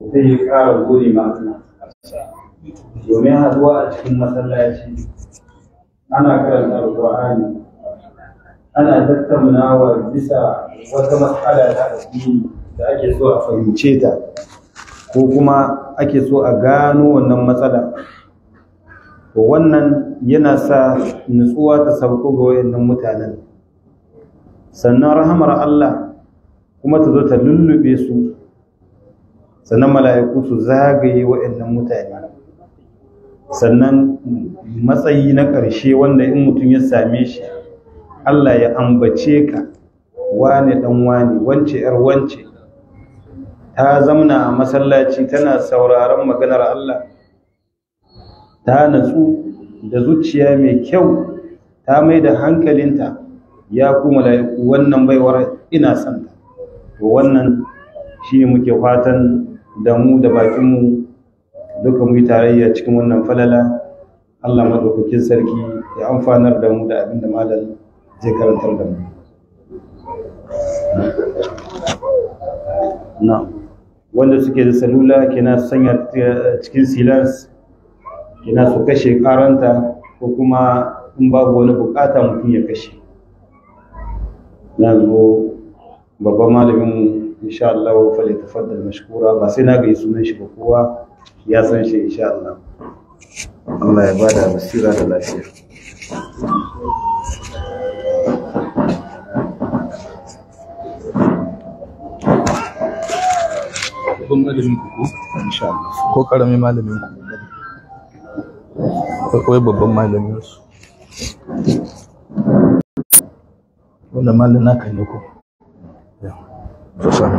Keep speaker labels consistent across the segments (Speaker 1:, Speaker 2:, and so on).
Speaker 1: zai ƙara gode ma Allah domin haduwa a cikin masallaci ana karanta alƙur'ani ana tattaunawa bisa wata matsala ta addini da ake so a fahimce ta ko kuma ake so a gano wannan matsala to wannan yana sa nutsuwa ta sauko ga wayannan mutanen sannan rahamar Allah kuma ta zo ta lullube su sannan mala'iku su zagaye waɗannan mutane sannan matsayi na ƙarshe wanda in mutum ya same shi Allah ya ambace ka wane dan wane wance ‘yar wance ta zamna a masallaci tana sauraron maganar Allah ta natsu da zuciya mai kyau ta mai da hankalinta ya ku mala'iku wannan baiwar ina son ta to wannan shi muke fatan da mu da bakinmu duka mu yi tarayya cikin wannan falala Allah madaukakin sarki ya amfanar da mu da abin malam zai karantar da mu na wanda suke da salula kina sanya cikin silars kina su kashe karanta ko kuma in babu wani bukata mutum ya kashe na zo babban malamin insha Allah fa li tafaddal mashkura ba sai na ga sunan shi ba kowa ya san shi insha Allah Allah ya bada basira da lafiya
Speaker 2: babban malamin ku ko karamin malamin ku akwai babban malamin su wanda malamin naka ne ku. Susah.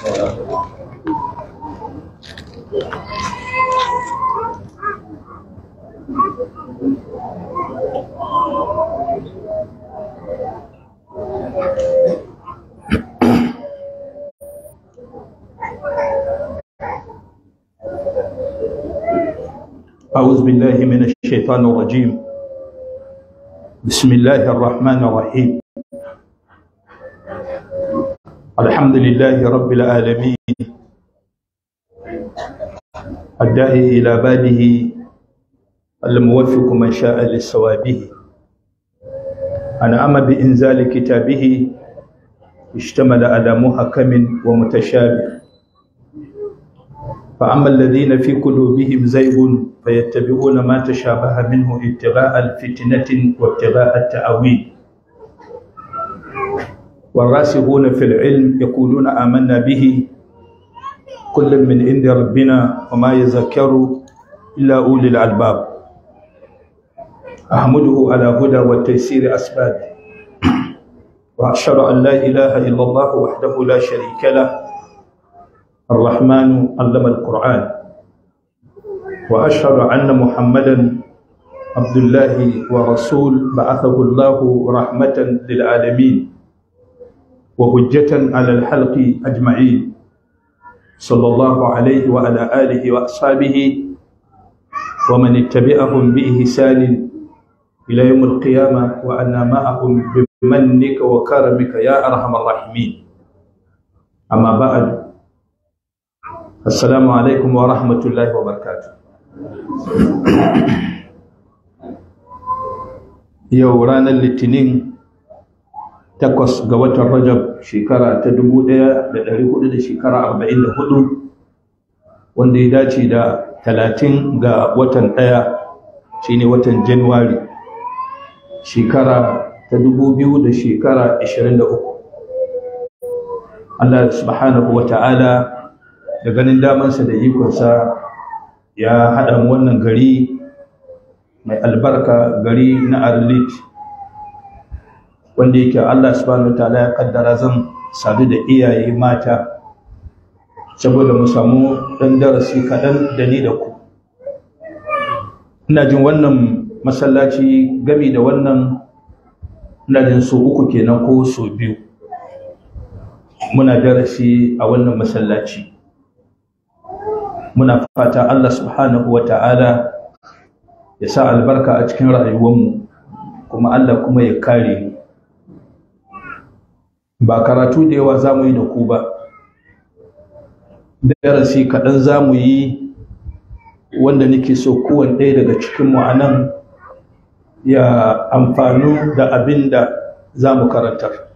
Speaker 2: Thank you. الشيطان الرجيم بسم الله الرحمن الرحيم الحمد لله رب العالمين الداعي إلى باله الموفق من شاء لصوابه أنعم بإنزال كتابه اشتمل على محكم ومتشابه فأما الذين في قلوبهم زيغ فيتبعون ما تشابه منه ابتغاء الفتنة وابتغاء التأويل والراسخون في العلم يقولون آمنا به كل من عند ربنا وما يذكر إلا أولي الألباب أحمده على هدى والتيسير أسباب وأشهد أن لا إله إلا الله وحده لا شريك له الرحمن علم القرآن وأشهد أن محمدا عبد الله ورسول بعثه الله رحمة للعالمين وهجة على الحلق أجمعين صلى الله عليه وعلى آله وأصحابه ومن اتبعهم بإحسان إلى يوم القيامة وأنا معهم بمنك وكرمك يا أرحم الراحمين أما بعد Assalamu alaikum wa rahmatullahi wa barkatu. Yau ranar Litinin takwas ga watan Rajab shekara ta dubu ɗaya da ɗari hudu da shekara arba'in da hudu wanda ya dace da talatin ga watan ɗaya shine watan Januwari shekara ta dubu biyu da shekara ashirin da uku. Allah subhanahu wa ta'ala da ganin damansa da ikonsa ya haɗa wannan gari mai albarka gari na arlit wanda yake allah subhanahu ta'ala ya kaddara zan sadu da iyaye mata saboda mu samu ɗan darasi kaɗan da ni da ku ina jin wannan masallaci gami da wannan ina jin so uku kenan ko so biyu muna darasi a wannan masallaci muna fata Allah subhanahu wa ta'ala ya sa albarka a cikin mu kuma Allah kuma ya kare ba karatu da yawa za mu yi da ku ba darasi kaɗan za mu yi wanda nake so kowane ɗaya daga cikinmu a nan ya amfanu da abin da za mu karantar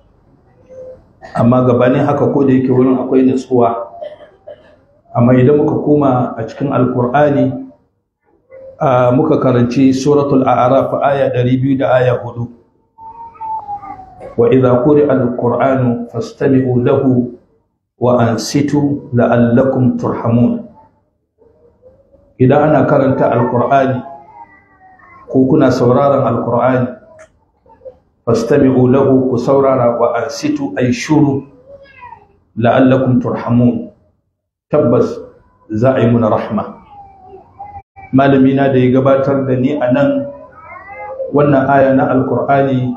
Speaker 2: amma gabanin haka ko da yake wurin akwai nutsuwa amma idan muka koma a cikin alkur'ani muka karanci suratul a'raf aya 200 da aya 4 wa idza quri'a alqur'anu fastami'u lahu wa ansitu la'allakum turhamun idan ana karanta alqur'ani ko kuna sauraron alqur'ani fastami'u lahu ku saurara wa ansitu ay shuru la'allakum turhamun tabbas za a yi muna rahma malamina da ya gabatar da ni a nan wannan aya na alkur'ani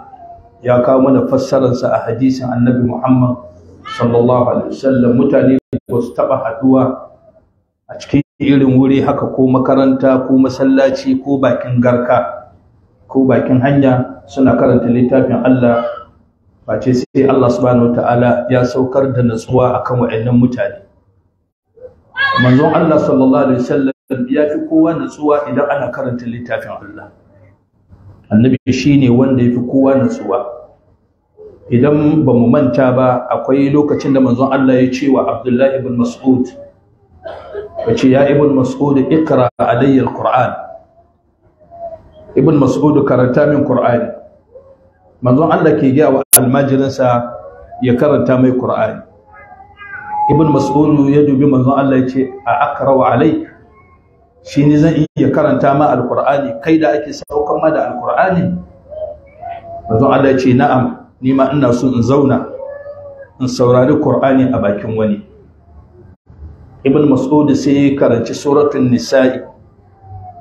Speaker 2: ya kawo mana fassararsa a hadisin annabi muhammad sallallahu alaihi wasallam mutane ba su taɓa haɗuwa a cikin irin wuri haka ko makaranta ko masallaci ko bakin garka ko bakin hanya suna karanta littafin allah face sai allah subhanahu wa ta'ala ya saukar da natsuwa akan waɗannan mutane
Speaker 1: manzon Allah sallallahu alaihi wasallam
Speaker 2: ya fi kowa natsuwa idan ana karanta littafin Allah annabi shine wanda ya fi kowa natsuwa idan ba mu manta ba akwai lokacin da manzon Allah ya ce wa Abdullahi ibn Mas'ud ya ce ya ibn Mas'ud ikra alayya alquran ibn Mas'ud karanta min qur'ani manzon Allah ke ga wa almajirinsa ya karanta mai qur'ani ibn mas'ud ya dubi manzo Allah ce a akrawa alaik shi zan iya karanta ma alqur'ani kai da ake saukar ma da alqur'ani manzon Allah ce na'am ni ma ina so in zauna in saurari qur'ani a bakin wani ibn mas'ud sai ya karanci suratul nisa'i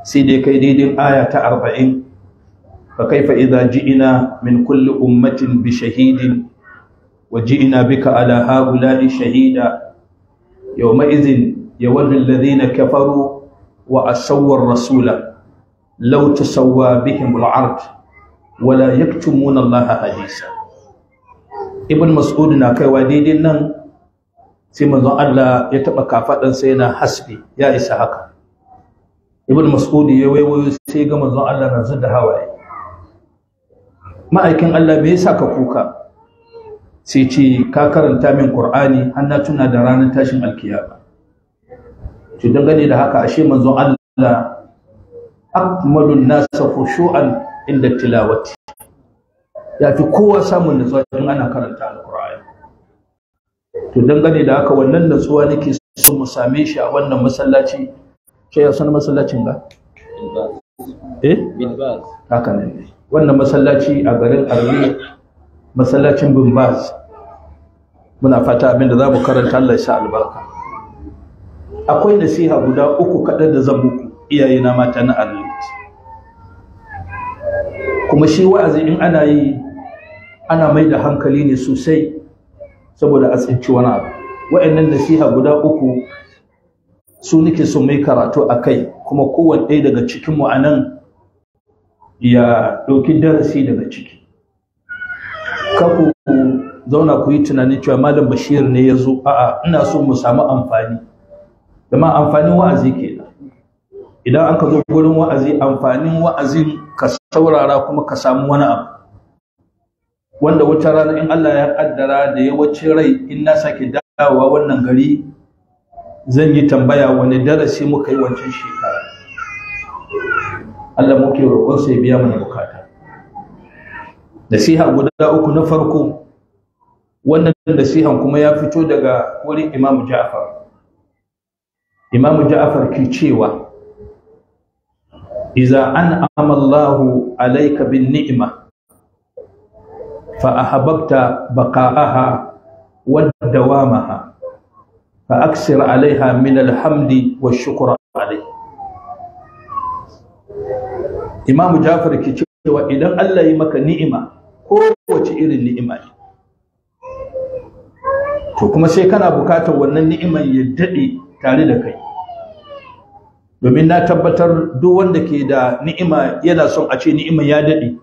Speaker 2: sai dai kai daidai aya ta 40 fa kaifa idza ji'ina min kulli ummatin bi shahidin وجئنا بك على هؤلاء شهيدا يومئذ يود الذين كفروا وعصوا الرسول لو تسوى بهم العرض ولا يكتمون الله حديثا ابن مسعود na kaiwa daidai nan sai manzon Allah ya taba kafaɗan sai yana hasbi ya isa haka ibn mas'ud ya waiwayo sai ga manzon Allah na da hawaye ma'aikin Allah me yasa ka kuka sai ce ka karanta min qur'ani har na tuna da ranar tashin alkiyama to dangane da haka ashe manzo Allah akmalun nas khushu'an inda tilawati ya fi kowa samun nutsuwa idan ana karanta alqur'ani to dangane da haka wannan nutsuwa nake so mu same shi a wannan masallaci shi ya san masallacin ga eh haka ne wannan masallaci a garin Arli masallacin bin muna fata abinda za mu karanta Allah ya albarka akwai nasiha guda uku kaɗan da zan muku na mata na arlit kuma shi wa'azi in ana yi ana mai da hankali ne sosai saboda a tsinci wani abu wa'annan nasiha guda uku su nake so mai karatu a kai kuma kowanne daga cikinmu a nan ya ɗauki darasi daga ciki kaku zauna ku yi tunanin cewa malam bashir ne ya zo a'a ina so mu samu amfani kuma amfanin wa'azi ke idan an ka zo gurin wa'azi amfanin wa'azin ka saurara kuma ka samu wani abu wanda wata rana in Allah ya kaddara da ya wace rai in na sake dawowa wannan gari zan yi tambaya wani darasi muka yi wancan shekara Allah muke roƙon sai biya mana bukata nasiha guda uku na farko wannan nasihan kuma ya fito daga wurin imamu
Speaker 3: Ja'afar.
Speaker 2: imamu Ja'afar ke cewa iza an amallahu alaika bin ni'ima fa ahabbta baqa'aha wa fa aksira alaiha min alhamdi wa shukra alaiha imamu ke cewa idan Allah yi maka ni'ima ko kowace irin ni'ima ne to kuma sai kana bukatar wannan ni'iman ya daɗe tare da kai domin na tabbatar duk wanda ke da ni'ima yana son a ce ni'iman ya daɗe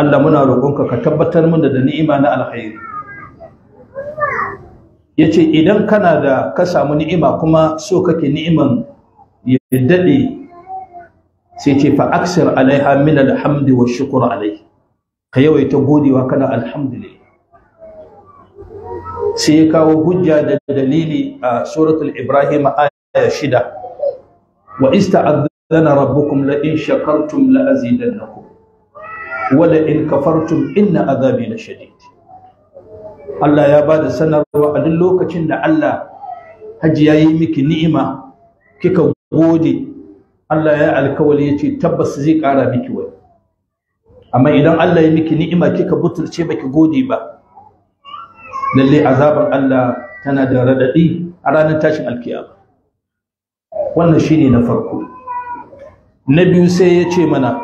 Speaker 2: Allah muna roƙonka ka tabbatar mana da ni'ima na alkhairi yace idan kana da ka samu ni'ima kuma so kake ni'iman ya daɗe sai ce fa aksir alaiha min alhamdi wa shukr alaihi ka yawaita godewa kana alhamdulillah sai ya kawo hujja da dalili a suratul ibrahim aya shida wa ista'adhana rabbukum la in shakartum la azidannakum wa la in kafartum inna azabi la shadid Allah ya bada sanarwa a duk lokacin da Allah haji yi miki ni'ima kika gode Allah ya alkawali ya ce tabbas zai ƙara miki wai amma idan Allah ya miki ni'ima kika butulce baki gode ba lalle azaban Allah tana da radadi a ranar tashin alkiyama wannan shine na farko na biyu sai ya ce mana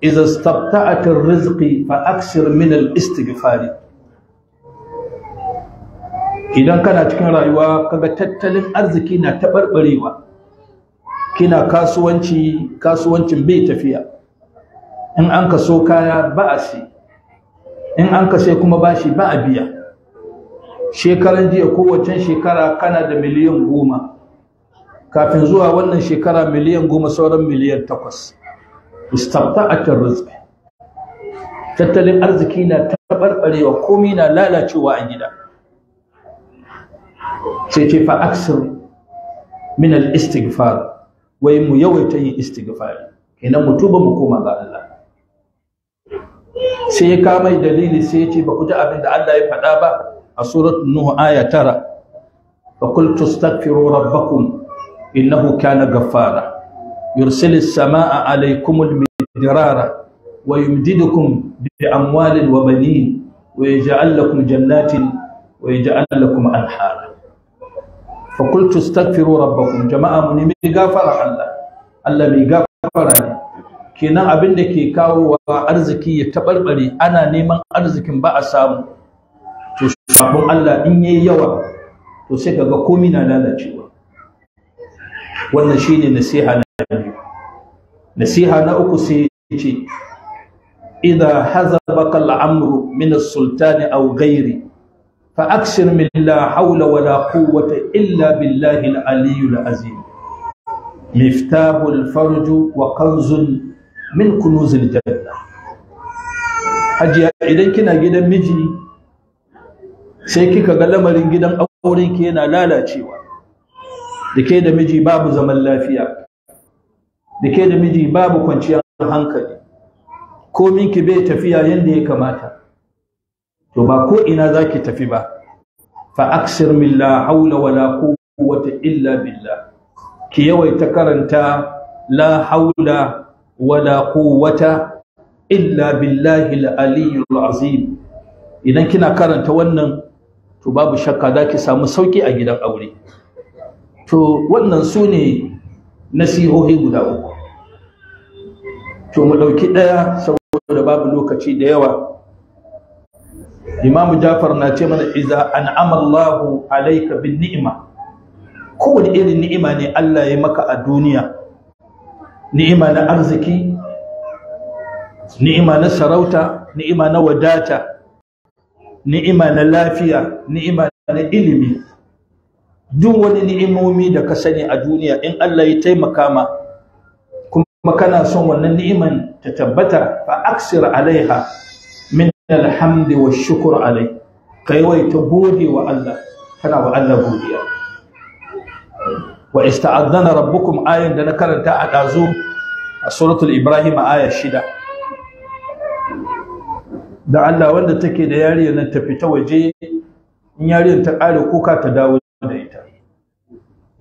Speaker 2: idza istabta'ata rizqi fa aksir min al istighfar idan kana cikin rayuwa kaga tattalin arziki na taɓarɓarewa kina kasuwanci kasuwancin bai tafiya in an ka kaya ba a si in an ka sai kuma bashi ba a biya shekaran jiya kowace shekara kana da miliyan goma kafin zuwa wannan shekara miliyan goma sauran miliyan takwas istafa'atar rizqi tattalin arziki na tabarbarewa komai na lalacewa a gida sai ce fa aksir min al-istighfar wai mu yawaita yin istighfari kenan mu tuba mu koma ga Allah sai ka mai dalili sai ya ce ba ku ji abin da Allah ya faɗa ba a suratul nuh aya tara fa qul tastaghfiru rabbakum innahu kana ghaffara yursilu as-samaa'a 'alaykum al-midrara wa yumdidukum bi amwalin wa banin wa yaj'al lakum jannatin wa yaj'al lakum anhara fa qultu astaghfiru rabbakum jama'a mu nemi gafara Allah Allah kenan abin da ke kawo wa arziki ya tabarbare ana neman arzikin ba a samu to sabon Allah in yayi yawa to sai kaga komai na lalacewa wannan shine nasiha na nasiha na uku sai ce idza hazabaka al-amru min as-sultani aw ghairi فأكثر من لا حول ولا قوة إلا بالله العلي العظيم مفتاح الفرج وكنز من كنوز الجنة hajiya idan kina gidan miji sai kika ga lamarin gidan auren yana lalacewa da ke da miji babu zaman lafiya da da miji babu kwanciyar hankali komin ki bai tafiya yadda ya kamata to ba ko ina za ki tafi ba fa aksir min la haula wala quwwata illa billah ki yawaita karanta la haula wala quwwata illa billahi al-aliyyul azim idan kina karanta wannan to babu shakka za ki samu sauki a gidan aure to wannan su ne nasihohi guda uku to mu ɗauki ɗaya saboda babu lokaci da yawa imamu jafar na ce mana iza an amallahu alaika bin ni'ima kowane irin ni'ima ne Allah ya maka a duniya ni'ima na arziki ni'ima na sarauta ni'ima na wadata ni'ima na lafiya ni'ima na ilimi duk wani ni'imomi da ka sani a duniya in Allah ya taimaka ma kuma kana son wannan ni'iman ta tabbata fa aksir alaiha alhamdi wa shukur alai ka yawaita gode wa Allah kana wa Allah godiya wa ista'adana rabbukum ayan da na karanta a dazu a suratul ibrahim aya shida da Allah wanda take da yariyar nan ta fita waje in yariyar ta kare kuka ta dawo da ita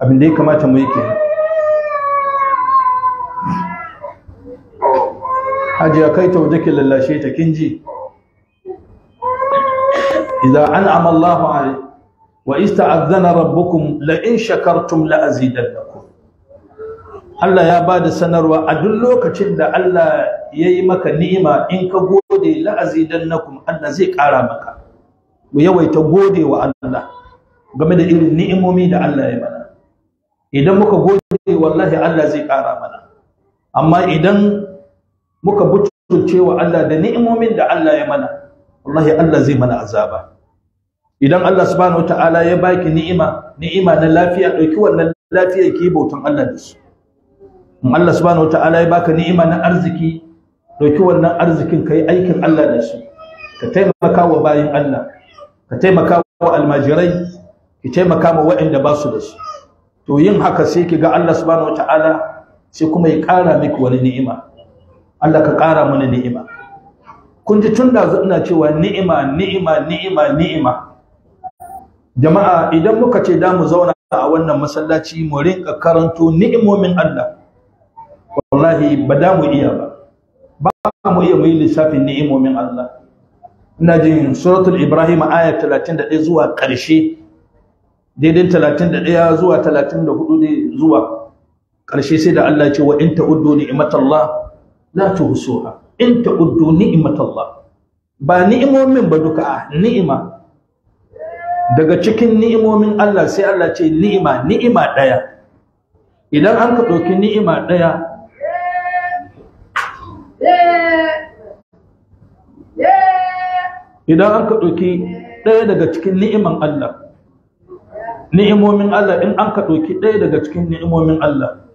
Speaker 2: abin da ya kamata mu yake. hajiya kai ta waje ki lallashe ta kin ji idza an'ama Allahu alayhi wa ista'adhana rabbukum la in shakartum la azidannakum Allah ya bada sanarwa a duk lokacin da Allah ya yi maka ni'ima in ka gode la'azidan na azidannakum Allah zai ƙara maka mu yawaita gode wa Allah game da irin ni'imomi da Allah ya mana idan muka gode wallahi Allah zai ƙara mana amma idan muka butulce wa Allah da ni'imomin da Allah ya mana wallahi Allah zai mana azaba idan Allah subhanahu wataala ya baki ni'ima ni'ima na lafiya dauki wannan lafiya ki bautan Allah da shi in Allah subhanahu wataala ya baka ni'ima na arziki dauki wannan arzikin kai aikin Allah da shi ka taimaka wa bayin Allah ka taimaka wa almajirai ki taimaka wa waɗanda ba su da su. to yin haka sai ki ga Allah subhanahu wataala sai kuma ya ƙara miki wani ni'ima Allah ka ƙara mana ni'ima kun ji tun da ina cewa ni'ima ni'ima ni'ima ni'ima jama'a idan muka ce da mu zauna a wannan masallaci mu rinka karanto ni'imomin Allah wallahi ba da mu iya ba ba mu iya mu yi lissafin ni'imomin Allah ina jin suratul ibrahim aya 31 zuwa karshe, daidai 31 zuwa 34 dai zuwa karshe, sai da Allah ce wa in ta'uddu ni'matallah la tuhsuha in ta'uddu ni'matallah ba ni'imomin ba duka ni'ima daga cikin ni'imomin Allah sai Allah ce ni'ima ni'ima ɗaya idan an ka ɗauki ni'ima ɗaya idan an ka ɗauki ɗaya daga cikin ni'iman Allah ni'imomin Allah in an ka ɗauki ɗaya daga cikin ni'imomin Allah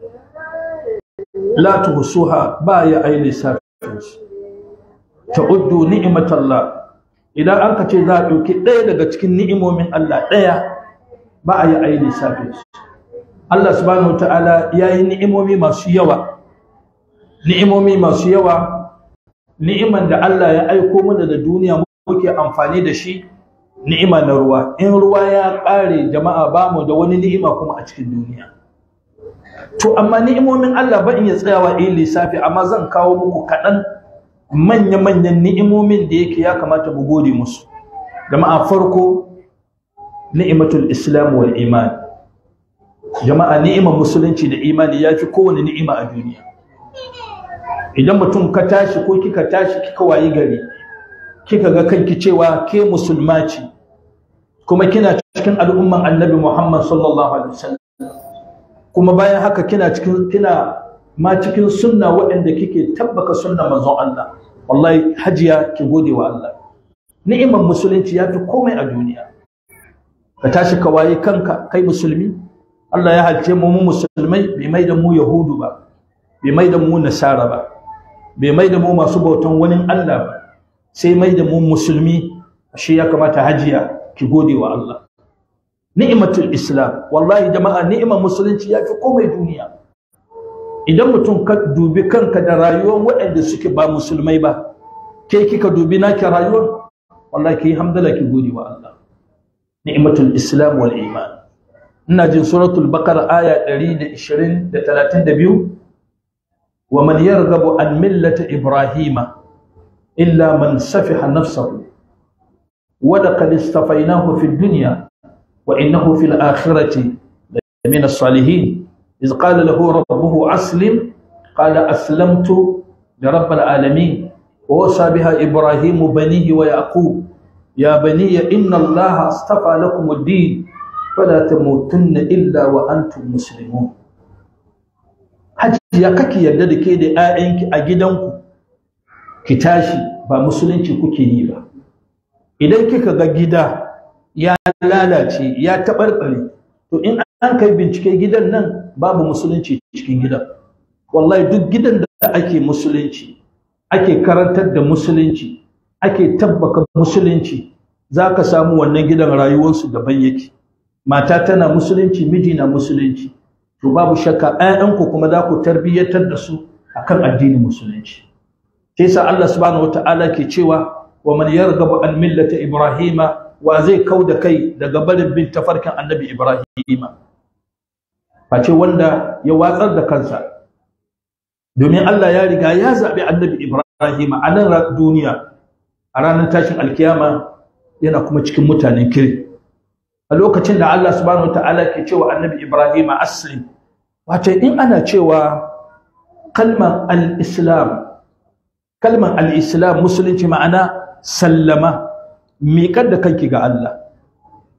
Speaker 2: la tuhsuha ba ya aini safi ta'uddu ni'matallah idan an ka ce za a ɗauki ɗaya daga cikin ni'imomin Allah ɗaya ba a yi a yi lissafin su Allah subhanahu wa ya yi ni'imomi masu yawa ni'imomi masu yawa ni'iman da Allah ya aiko mana da duniya muke amfani da shi ni'ima na ruwa in ruwa ya kare jama'a ba mu da wani ni'ima kuma a cikin duniya to amma ni'imomin Allah ba in ya tsayawa in lissafi amma zan kawo muku kaɗan manya-manyan ni'imomin da yake ya kamata mu gode musu jama'a farko ni'imatul islam wal iman jama'a ni'imar musulunci da imani ya fi kowane ni'ima a duniya idan mutum ka tashi ko kika tashi kika wayi gari kika ga kanki cewa ke musulma ce kuma kina cikin al'umman annabi muhammad sallallahu alaihi wasallam kuma bayan haka kina cikin kina ma cikin sunna waɗanda kike tabbaka sunna manzon Allah wallahi hajiya ki gode wa Allah ni'imar musulunci ya fi komai a duniya ka tashi ka waye kanka kai musulmi Allah ya halce mu mu musulmai bai mai da mu yahudu ba bai mai da mu nasara ba bai mai da mu masu bautan wani Allah ba sai mai da mu musulmi ashe ya kamata hajiya ki gode wa Allah ni'imatul islam wallahi jama'a ni'imar musulunci ya fi komai duniya idan mutum ka dubi kanka da rayuwar waɗanda suke ba musulmai ba ke kika dubi naki rayuwar wallahi ki hamdala ki gode wa Allah ni'matul islam wal iman ina jin suratul baqara aya Ɗari da wa man yarghabu an millati ibrahima illa man safiha nafsahu wa laqad istafainahu fid dunya wa innahu fil akhirati lamina salihin إذ قال له ربه أسلم قال أسلمت لرب العالمين ووصى بها إبراهيم بنيه ويعقوب يا بني إن الله اصطفى لكم الدين فلا تموتن إلا وأنتم مسلمون hajiya kake yarda da ke da 'ya'yanki a gidanku ki tashi ba musulunci kuke yi ba idan kika ga gida ya lalace ya taɓarɓare to in an kai bincike gidan nan babu musulunci cikin gidan wallahi duk gidan da ake musulunci ake karantar da musulunci ake tabbaka musulunci za ka samu wannan gidan rayuwarsu daban yake mata tana musulunci miji na musulunci to babu shakka ku kuma za ku tarbiyyatar da su akan addinin musulunci sai sa Allah subhanahu wataala ke cewa wa man yarghabu an millata ibrahima wa zai kauda kai daga barin bin tafarkin annabi ibrahima face wanda ya watsar da kansa domin Allah ya riga ya zaɓi annabi Ibrahim a nan duniya a ranar tashin alkiyama yana kuma cikin mutanen kiri a lokacin da Allah subhanahu wataala ke cewa annabi Ibrahim asali. wato in ana cewa kalmar al-islam al-islam musulunci ma'ana sallama miƙar da kanki ga Allah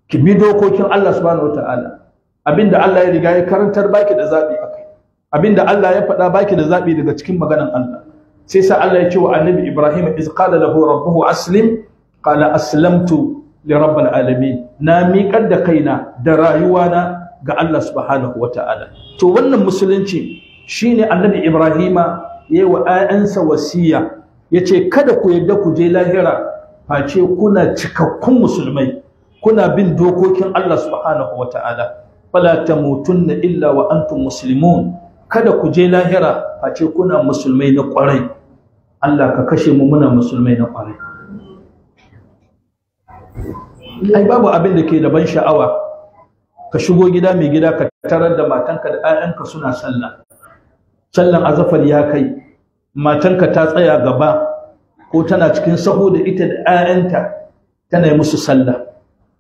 Speaker 2: ki bi dokokin Allah subhanahu wataala abinda Allah ya riga ya karantar baki da zabi akai abinda Allah ya faɗa baki da zabi daga cikin maganan Allah sai sa Allah ya ce wa annabi Ibrahim iz qala lahu rabbuhu aslim qala aslamtu li rabbil alamin na miƙar da kaina da rayuwana ga Allah subhanahu wataala to wannan musulunci shine annabi ya yi wa ayansa wasiya yace kada ku yadda ku je lahira face kuna cikakkun musulmai kuna bin dokokin Allah subhanahu wataala fala tamutunna illa wa antum muslimun kada ku je lahira ce kuna musulmai na kwarai Allah ka kashe mu muna musulmai na kwarai ai babu abin da ke da ban sha'awa ka shigo gida mai gida ka tarar da matanka da 'ya'yanka suna sallah sallan azafar ya kai matanka ta tsaya gaba ko tana cikin sahu da ita da 'ya'yanta tana yi musu sallah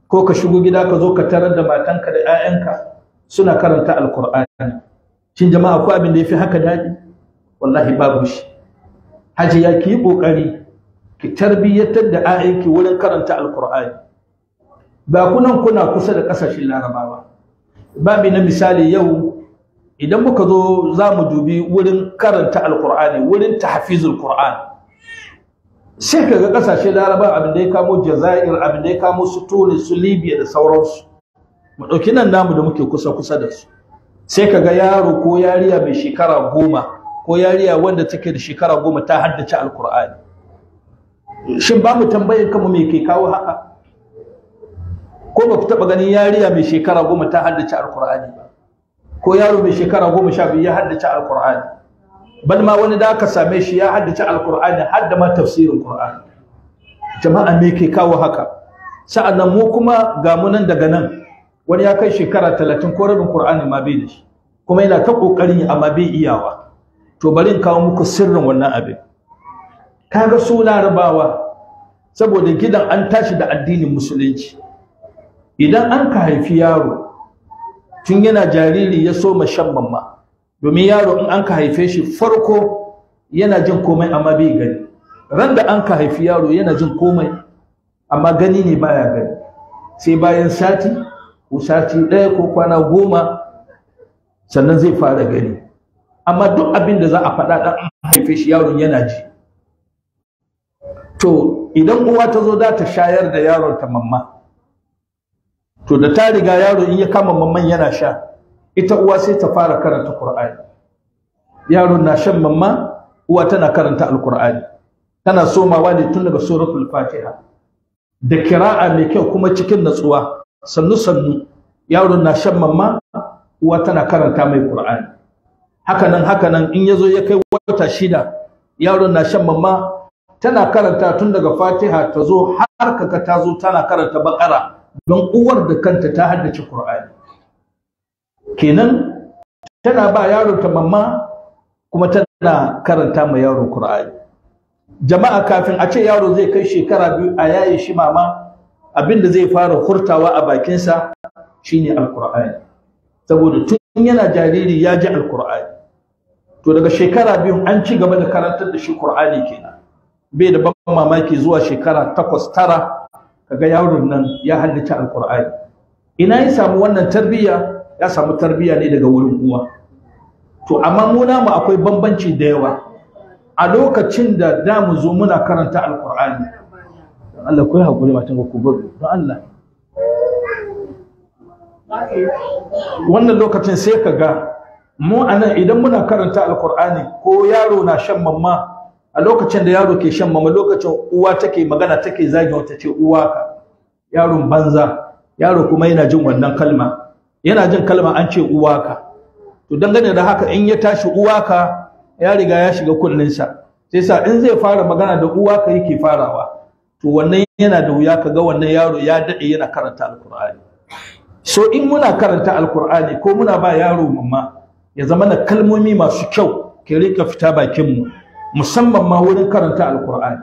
Speaker 2: ko ka shigo gida ka zo ka tarar da matanka da 'ya'yanka suna karanta alkur'ani shin jama'a ko abin da ya fi haka daɗi wallahi babu shi hajiya ki yi ƙoƙari ki tarbiyyatar da 'ya'yanki wurin karanta alkur'ani ba kunan kuna kusa da ƙasashen larabawa mi na misali yau idan muka zo za mu dubi wurin karanta alkur'ani wurin tahfizul qur'ani sai ka ga kasashe laraba abin da ya kamo jazair abin da ya kamo su tunis su libya da sauransu mu ɗauki nan namu da muke kusa kusa da su sai ka ga yaro ko yariya mai shekara goma ko yariya wanda take da shekara goma ta haddace alkur'ani shin ba mu tambayin kanmu me ke kawo haka ko ba ku taɓa ganin yariya mai shekara goma ta haddace alkur'ani ba ko yaro mai shekara goma sha biyu ya haddace alkur'ani bal ma wani da aka same shi ya haddace har da ma tafsirin qur'ani jama'a me ke kawo haka sa'annan mu kuma ga mu nan daga nan wani ya kai shekara 30 ko rabin qur'ani ma bai da kuma yana ta kokari amma bai iyawa to bari in kawo muku sirrin wannan abin kaga suna larabawa saboda gidan an tashi da addinin musulunci idan an ka haifi yaro tun yana jariri ya so shan mamma domin yaro in an ka haife shi farko yana jin komai amma bai gani ran da an ka haifi yaro yana jin komai amma gani ne baya gani sai bayan sati ko sati ɗaya ko kwana goma sannan zai fara gani amma duk abin da za a faɗa ɗan haife shi yaron yana ji to idan uwa ta zo za ta shayar da yaron ta mamma to da ta riga yaro in ya kama mamman yana sha ita uwa sai ta fara karanta Qur'ani yaron na shan mamma uwa tana karanta Al-Qur'ani. tana somawa ne tun daga suratul fatiha da kira'a mai kyau kuma cikin natsuwa sannu sannu yaron na shan mamma uwa tana karanta mai qur'ani haka nan haka nan in yazo ya kai wata shida yaron na shan mamma tana karanta tun daga fatiha ta zo har kaka ta zo tana karanta bakara don uwar da kanta ta haddace qur'ani kenan tana ba yaro ta mamma kuma tana karanta ma yaro Qur'ani jama'a kafin a ce yaro zai kai shekara biyu a yaye shi mama abinda zai fara hurtawa a bakinsa shine alqur'ani saboda tun yana jariri ya ji alqur'ani to daga shekara biyu an ci gaba da karantar da shi Qur'ani kenan bai da ban mamaki zuwa shekara takwas tara kaga yaron nan ya halitta alqur'ani ina ya samu wannan tarbiyya ya samu tarbiyya ne daga wurin uwa to amma mu namu akwai bambanci da yawa a lokacin da da mu zo muna karanta alqur'ani don Allah ku hakuri matan ku bar don Allah wannan lokacin sai ka ga mu anan idan muna karanta alqur'ani ko yaro na shan mamma a lokacin da yaro ke shan mamma lokacin uwa take magana take zagi wata ce uwa ka yaron banza yaro kuma yana jin wannan kalma yana jin kalma an ce uwaka to dangane da haka in ya tashi uwaka ya riga ya shiga sa sai sa in zai fara magana da uwaka yake farawa to wannan yana da wuya kaga wannan yaro ya dade yana karanta alkur'ani so in muna karanta alkur'ani ko muna ba yaro mamma ya zama na kalmomi masu kyau ke rika fita bakin mu musamman ma wurin karanta alkur'ani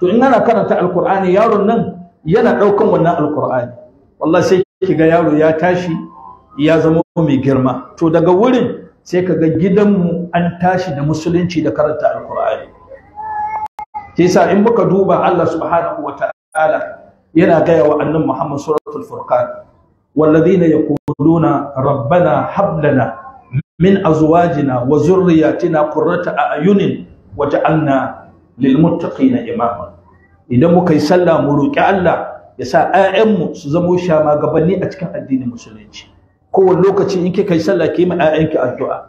Speaker 2: to in ana karanta alkur'ani yaron nan yana daukan wannan alkur'ani wallahi sai kiga yaro ya tashi ya zama mai girma to daga wurin sai ka ga gidanmu an tashi da musulunci da karanta alkur'ani yasa in muka duba Allah subhanahu wa ta'ala yana gaya wa annabi Muhammad suratul furqan والذين يقولون ربنا هب لنا من ازواجنا وذرياتنا قرة اعين وجعلنا للمتقين اماما idan muka yi sallah mu roki Allah ya sa 'ya'yanmu su zamo shama gabanni a cikin addinin musulunci kowane lokaci in kika yi sallah ki yi 'ya'yan ki addu'a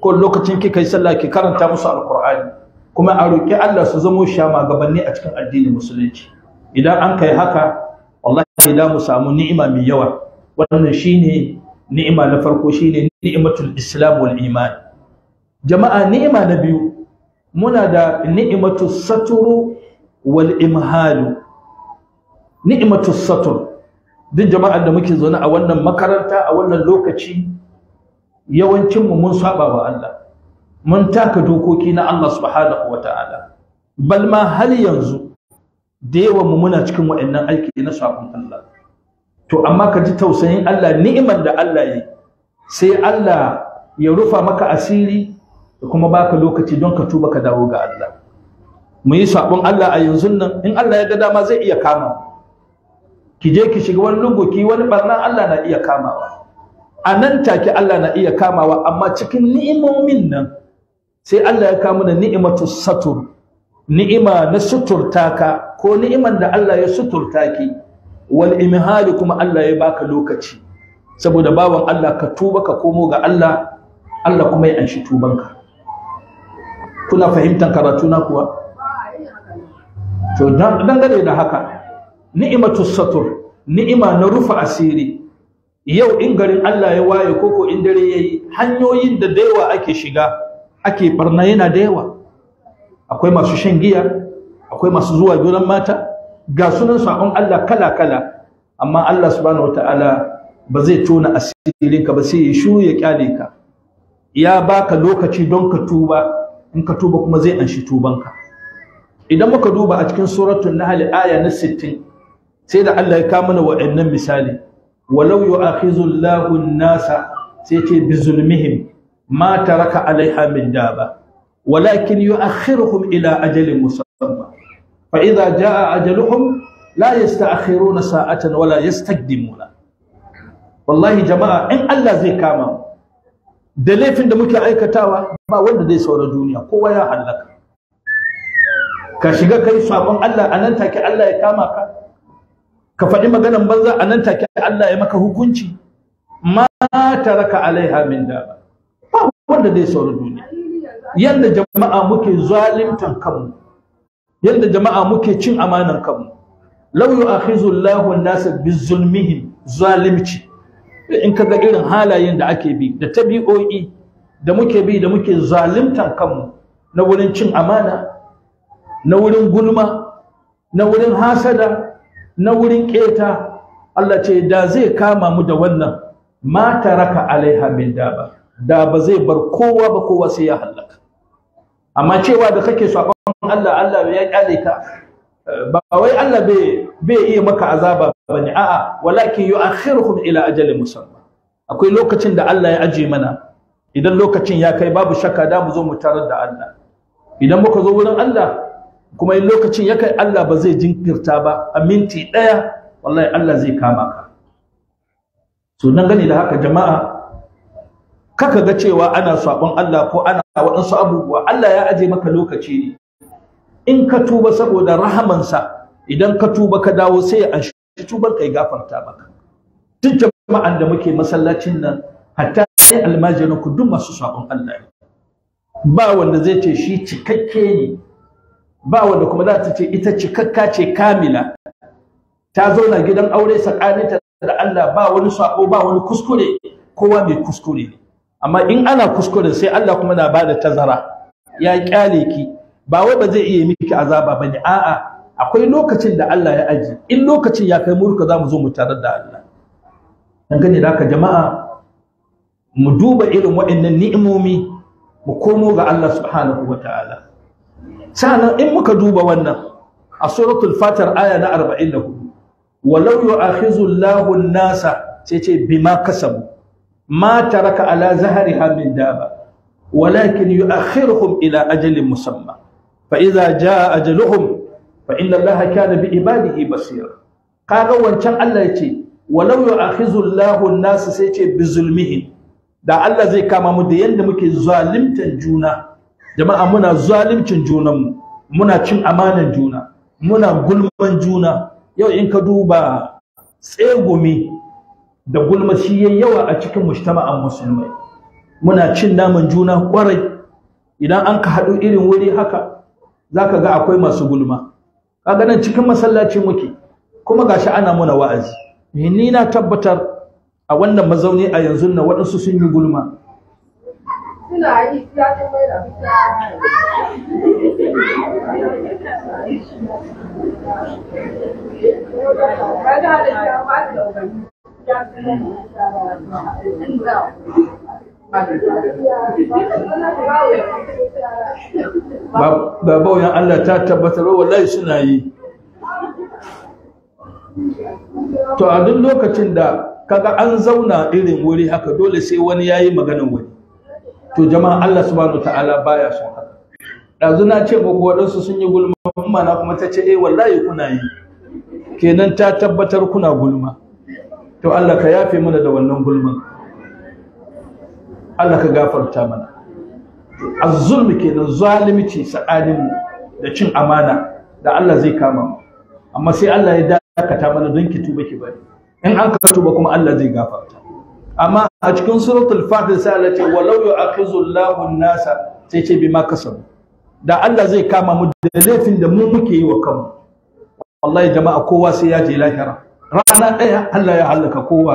Speaker 2: kowane lokaci in kika yi sallah ki karanta musu alkur'ani kuma a roƙi Allah su zamo shamagabanni a cikin addinin musulunci idan an kai haka wallahi za mu samu ni'ima mai yawa wannan shine ni'ima na farko shine ni'imatul islam wal iman jama'a ni'ima na biyu muna da ni'imatus saturu wal imhalu ni'imatus saturu duk jama'ar da muke zaune a wannan makaranta a wannan lokaci yawancinmu mun saba wa Allah mun taka dokoki na Allah subhanahu wata'ala bal ma har yanzu da yawa mu muna cikin waɗannan aiki na sabon Allah to amma ka ji tausayin Allah ni'imar da Allah yi sai Allah ya rufa maka asiri da kuma baka lokaci don ka tuba ka dawo ga Allah mu yi sabon Allah a yanzu nan in Allah ya ga dama zai iya kama mu ki je ki shiga wani lungu ki wani barna Allah na iya kamawa a nan take Allah na iya kamawa amma cikin ni'imomin nan sai Allah ya kawo mana ni'imatu satur ni'ima na suturta ka ko ni'iman da Allah ya suturta ki wal imhal kuma Allah ya baka lokaci saboda bawan Allah ka tuba ka komo ga Allah Allah kuma ya anshi tubanka kuna fahimtar karatuna kuwa to dangane da haka ni'imatu satur ni'ima na rufa asiri yau in garin Allah ya waye koko in dare yayi hanyoyin da daiwa ake shiga ake barna yana da yawa akwai masu shan giya akwai masu zuwa gidan mata ga sunan sakon Allah kala kala amma Allah subhanahu wataala ba zai tona asirinka ba sai ya shu ya kyale ka ya baka lokaci don ka tuba in ka tuba kuma zai anshi ka idan muka duba a cikin suratul nahl aya na 60 sai da Allah ya kama mana wa'annan misali walau yu'akhizu Allahu an-nasa sai ce bi zulmihim ma taraka alaiha min daba walakin yu'akhiruhum ila ajalin
Speaker 1: musamma
Speaker 2: fa idza jaa ajaluhum la yasta'khiruna sa'atan wala yastaqdimuna wallahi jama'a in Allah zai kama da laifin da muke aikatawa ba wanda zai saura duniya kowa ya halaka ka shiga kai sabon Allah anan take Allah ya kama ka ka faɗi maganan banza a nan take Allah ya maka hukunci ma taraka alaiha min da ba wanda zai sauri duniya yanda jama'a muke zalimtan kanmu yanda jama'a muke cin amanan kanmu law yu'akhizu Allahu an-nasa bizulmihim zalimci in kaga irin halayen da ake bi da tabi'o'i da muke bi da muke zalimtan kanmu na wurin cin amana na wurin gulma na wurin hasada na wurin keta Allah ce da zai kama mu da wannan ma raka alaiha min daba da ba zai bar kowa ba kowa sai ya halaka amma cewa da kake sabon Allah Allah ya kyale ka ba wai Allah bai bai iya maka azaba bane a'a walakin yu'akhiruhum ila ajalin musamma akwai lokacin da Allah ya aje mana idan lokacin ya kai babu shakka da mu zo mu tarar da Allah idan muka zo wurin Allah kuma in lokacin ya kai Allah ba zai jinkirta ba a minti ɗaya wallahi Allah zai kama ka so nan gani da haka jama'a kaka ga cewa ana sabon Allah ko ana waɗansu abubuwa Allah ya aje maka lokaci ne in ka tuba saboda rahaman sa, idan ka tuba ka dawo sai an shi tubar kai gafarta maka duk jama'an da muke masallacin nan hatta almajirin ku duk masu sabon Allah ba wanda zai ce shi cikakke ne ba wanda kuma za ta ce ita cikakka ce kamila ta zauna gidan aure tsakaninta da Allah ba wani sako ba wani kuskure kowa mai kuskure amma in ana kuskure sai Allah kuma na bada tazara ya kyale ki ba wai ba zai iya miki azaba ba ne. a'a akwai lokacin da Allah ya aji in lokacin ya kai murka za mu zo mu tarar da Allah dan gane da haka jama'a mu duba irin waɗannan ni'imomi mu komo ga Allah subhanahu wataala sanan in muka duba wannan a suratul fatar aya na 44 walau yu'akhizu Allahu an-nasa sai bima kasabu ma taraka ala zahriha min daba walakin yu'akhiruhum ila ajalin musamma fa idza jaa ajaluhum fa inna Allaha kana bi ibadihi basira kaga wancan Allah yace walau yu'akhizu Allahu an-nasa sai ce bi zulmihim da Allah zai kama mu da yanda muke zalimtan juna jama'a muna zalimcin mu, muna cin amanan juna muna gulman juna yau in ka duba tsegumi da gulma shi yayi yawa a cikin mujtama'an musulmai muna cin naman juna kwarai idan an ka haɗu irin wuri haka zaka ga akwai masu gulma kaga nan cikin masallaci muke kuma gashi ana muna wa'azi eh, ni na tabbatar a wannan mazauni a yanzu na waɗansu sun yi gulma suna yi ya ta Allah ta tabbatar wallahi suna yi. To a duk lokacin da kaga an zauna irin wuri haka dole sai wani yayi maganin wani. to jama'a Allah subhanahu ta'ala baya son haka dazu na ce ba wadansu sun yi gulma amma na kuma ce eh wallahi kuna yi kenan ta tabbatar kuna gulma to Allah ka yafe mana da wannan gulman Allah ka gafarta mana azzulmi kenan zalimci tsakanin da cin amana da Allah zai kama mu amma sai Allah ya dakata mana don ki tuba ki bari in an ka tuba kuma Allah zai gafarta amma a cikin suratul fatir sai Allah ce walau yu'akhizu Allahu an-nasa sai ce bima kasabu da Allah zai kama mu da laifin da mu muke yi wa kanmu wallahi jama'a kowa sai ya je lahira rana ɗaya Allah ya halaka kowa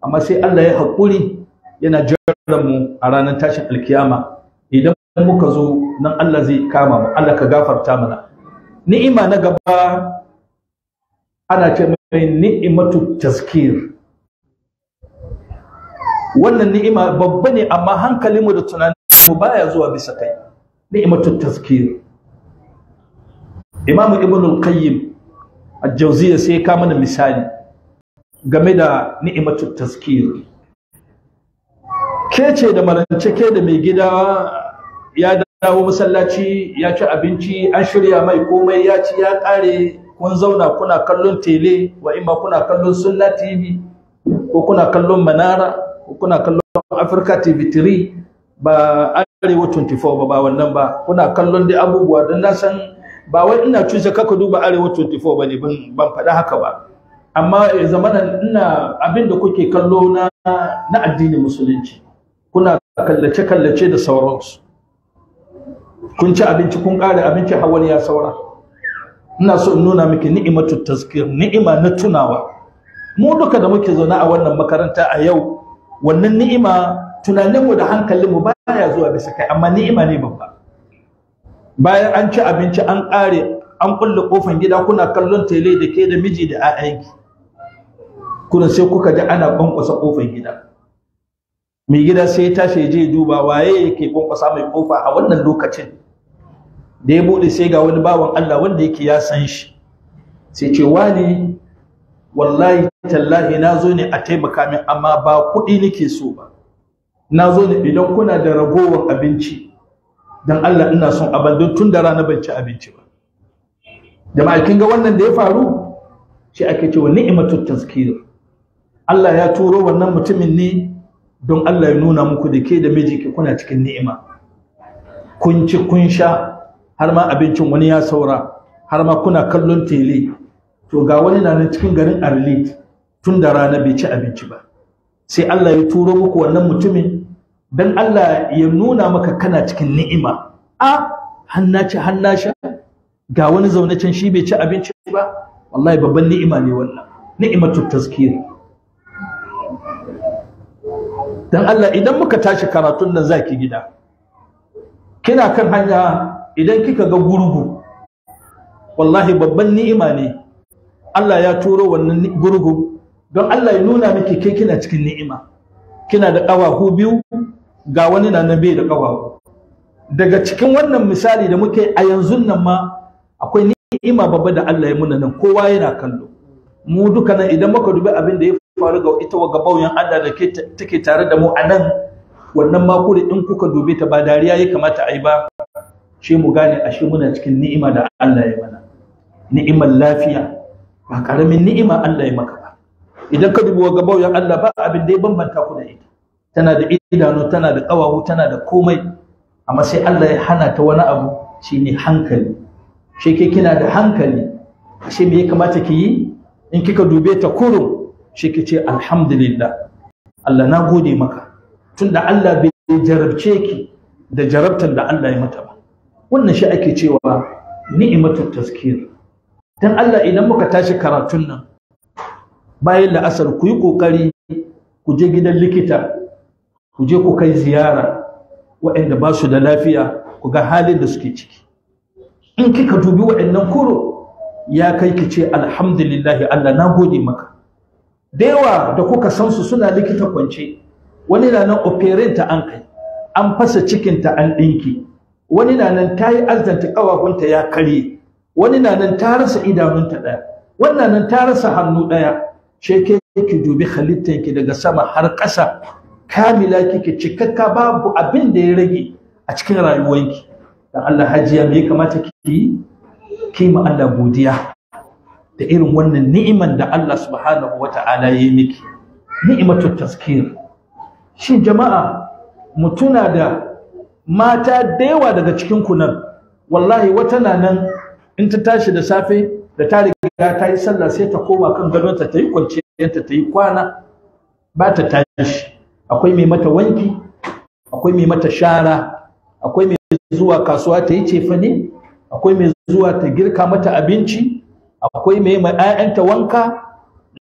Speaker 2: amma sai Allah ya haƙuri yana jiran mu a ranar tashin alkiyama idan muka zo nan Allah zai kama mu Allah ka gafarta mana ni'ima na gaba ana ce mai ni'imatu tazkir wannan ni'ima babba ne amma mu da tunaninmu baya zuwa bisa kai ni'imatu tazkir imam ibn al-qayyim al-jawziyya sai ka mana misali game da ni'imatu tazkir ke ce da marance ke da mai gida ya dawo masallaci ya ci abinci an shirya mai komai ya ci ya kare kun zauna kuna kallon tele wa imma kuna kallon sunna tv ko kuna kallon manara kuna kallon Africa TV 3 ba Arewa 24 ba ba wannan ba kuna kallon dai abubuwa dan na san ba wai ina cuce kaka duba Arewa 24 bane ban ban faɗa haka ba amma zamanin ina abin kuke kallo na na addinin musulunci kuna kallace kallace da sauransu kun ci abinci kun ƙare abinci hawan ya saura ina so in nuna miki ni'imatu tazkir ni'ima na tunawa mu duka da muke zaune a wannan makaranta a yau wannan ni'ima tunaninmu da hankalinmu baya zuwa bisa kai amma ni'ima ne babba bayan an ci abinci an ƙare an kulle kofan gida kuna kallon tele da ke da miji da 'ya'yanki kuna sai kuka ji ana kwankwasa kofan gida mai gida sai ya tashi je duba waye yake kwankwasa mai kofa a wannan lokacin da ya bude sai ga wani bawan Allah wanda yake ya san shi sai ce wani wallahi tallahi na zo ne a taimaka min amma ba kuɗi nake so ba na zo ne idan kuna da ragowar abinci don Allah ina son abandon tun da rana ban ci abinci ba jama'a kin ga wannan da ya faru shi ake cewa ni'matut tazkir Allah ya turo wannan mutumin ne don Allah ya nuna muku da ke da miji ki kuna cikin ni'ima kun ci kun sha har ma abincin wani ya saura har ma kuna kallon tele to ga wani na cikin garin Arlit tun da rana bai ci abinci ba sai Allah ya turo muku wannan mutumin dan Allah ya nuna maka kana cikin ni'ima a hannaci hannasha ga wani zaune can shi bai ci abinci ba wallahi babban ni'ima ne wannan ni'imatu tazkiri dan Allah idan muka tashi karatun nan zaki gida kina kan hanya idan kika ga gurgu wallahi babban ni'ima ne Allah ya turo wannan gurgu don Allah ya nuna miki kai kina cikin ni'ima kina da ƙawahu biyu ga wani na nan da ƙawahu. daga cikin wannan misali da muke a yanzu nan ma akwai ni'ima babba da Allah ya muna nan kowa yana kallo mu duka nan idan muka dubi abin da ya faru ga ita wa gabauyan Allah da take tare da mu a nan wannan mako da in kuka dube ta ba dariya ya kamata a yi ba shi mu gane ashe muna cikin ni'ima da Allah ya mana ni'imar lafiya ba karamin ni'ima Allah ya maka ba idan ka dubi ga bauyan Allah ba abin da ya bambanta ku da ita tana da idanu tana da ƙawawu tana da komai amma sai Allah ya hana ta wani abu shine hankali shi ke kina da hankali shi me ya kamata ki yi in kika dube ta kurum shi ke ce alhamdulillah Allah na gode maka tunda Allah bai jarabce ki da jarabtar da Allah ya mata ba wannan shi ake cewa ni'imatu tazkir dan Allah idan muka tashi karatun nan bayan la'asar ku yi ƙoƙari ku je gidan likita ku je ku kai ziyara waɗanda ba su da lafiya ku ga halin da suke ciki in kika dubi waɗannan kuro ya kai ki ce alhamdulillahi Allah na gode maka da yawa da kuka san su suna likita kwance wani na nan operin ta an kai an fasa cikin ta an ɗinki wani na nan ta yi arzanta ƙawafinta ya karye wani na nan ta rasa idanunta ɗaya wannan nan ta rasa hannu ɗaya ce ki dubi halittanki daga sama har ƙasa kamila kike cikakka babu abin da ya rage a cikin rayuwanki dan Allah hajiya me kamata ki yi ki Allah godiya da irin wannan ni'iman da Allah subhanahu wata'ala ya yi miki ni'imatu tazkir shin jama'a mutuna da mata da yawa daga cikin ku nan wallahi wata na nan in ta tashi da safe da ta riga ta yi sallah sai ta koma kan gadonta ta yi kwanciyarta ta yi kwana ba ta tashi akwai mai mata wanki akwai mai mata shara akwai mai zuwa kasuwa ta yi cefane akwai mai zuwa ta girka mata abinci akwai mai mai ƴaƴanta wanka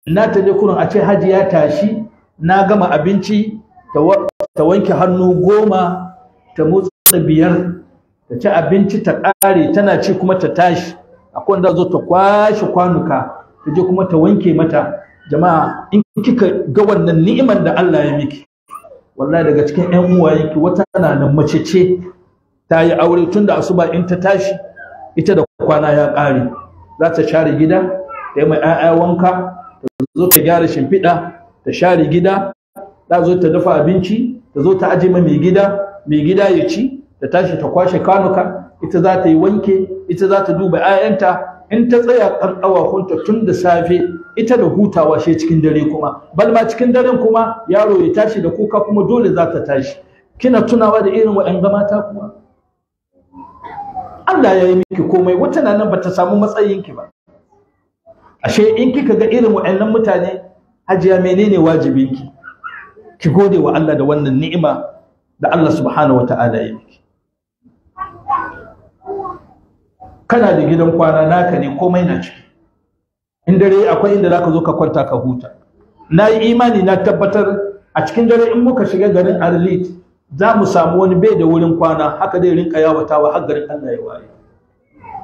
Speaker 2: na ta je kurin a ce ya tashi na gama abinci ta wanke hannu goma ta motsa biyar ta ci abinci ta ƙare tana ci kuma ta tashi akwai wanda zo ta kwashe kwanuka ta je kuma ta wanke mata jama'a in kika ga wannan ni'imar da Allah ya miki wallahi daga cikin ƴan yake wata tana nan mace ce ta yi aure tun da asuba in ta tashi ita da kwana ya ƙare za ta share gida ta yi mai ƴaƴa wanka ta zo ta gyara shimfiɗa ta share gida ta zo ta dafa abinci ta zo ta aje mai gida mai gida ya ci ta tashi ta kwashe kwanuka ita za ta yi wanke ita za ta duba 'ya'yanta in ta tsaya ɗan ɗawakunta tun da safe ita da hutawa shi cikin dare kuma bal ma cikin daren kuma yaro ya tashi da kuka kuma dole za ta tashi kina tunawa da irin waɗanga mata kuma Allah ya yi miki komai wata na nan ta samu matsayinki ba ashe in kika ga irin waɗannan mutane hajiya menene wajibinki ki gode wa Allah da wannan ni'ima da Allah subhanahu wataala ya yi kana da gidan kwana naka ne komai na ciki in dare akwai inda zaka zo ka kwanta ka huta na yi imani na tabbatar a cikin dare in muka shiga garin arlit za mu samu wani bai da wurin kwana haka dai rinka yawatawa har garin Allah ya waye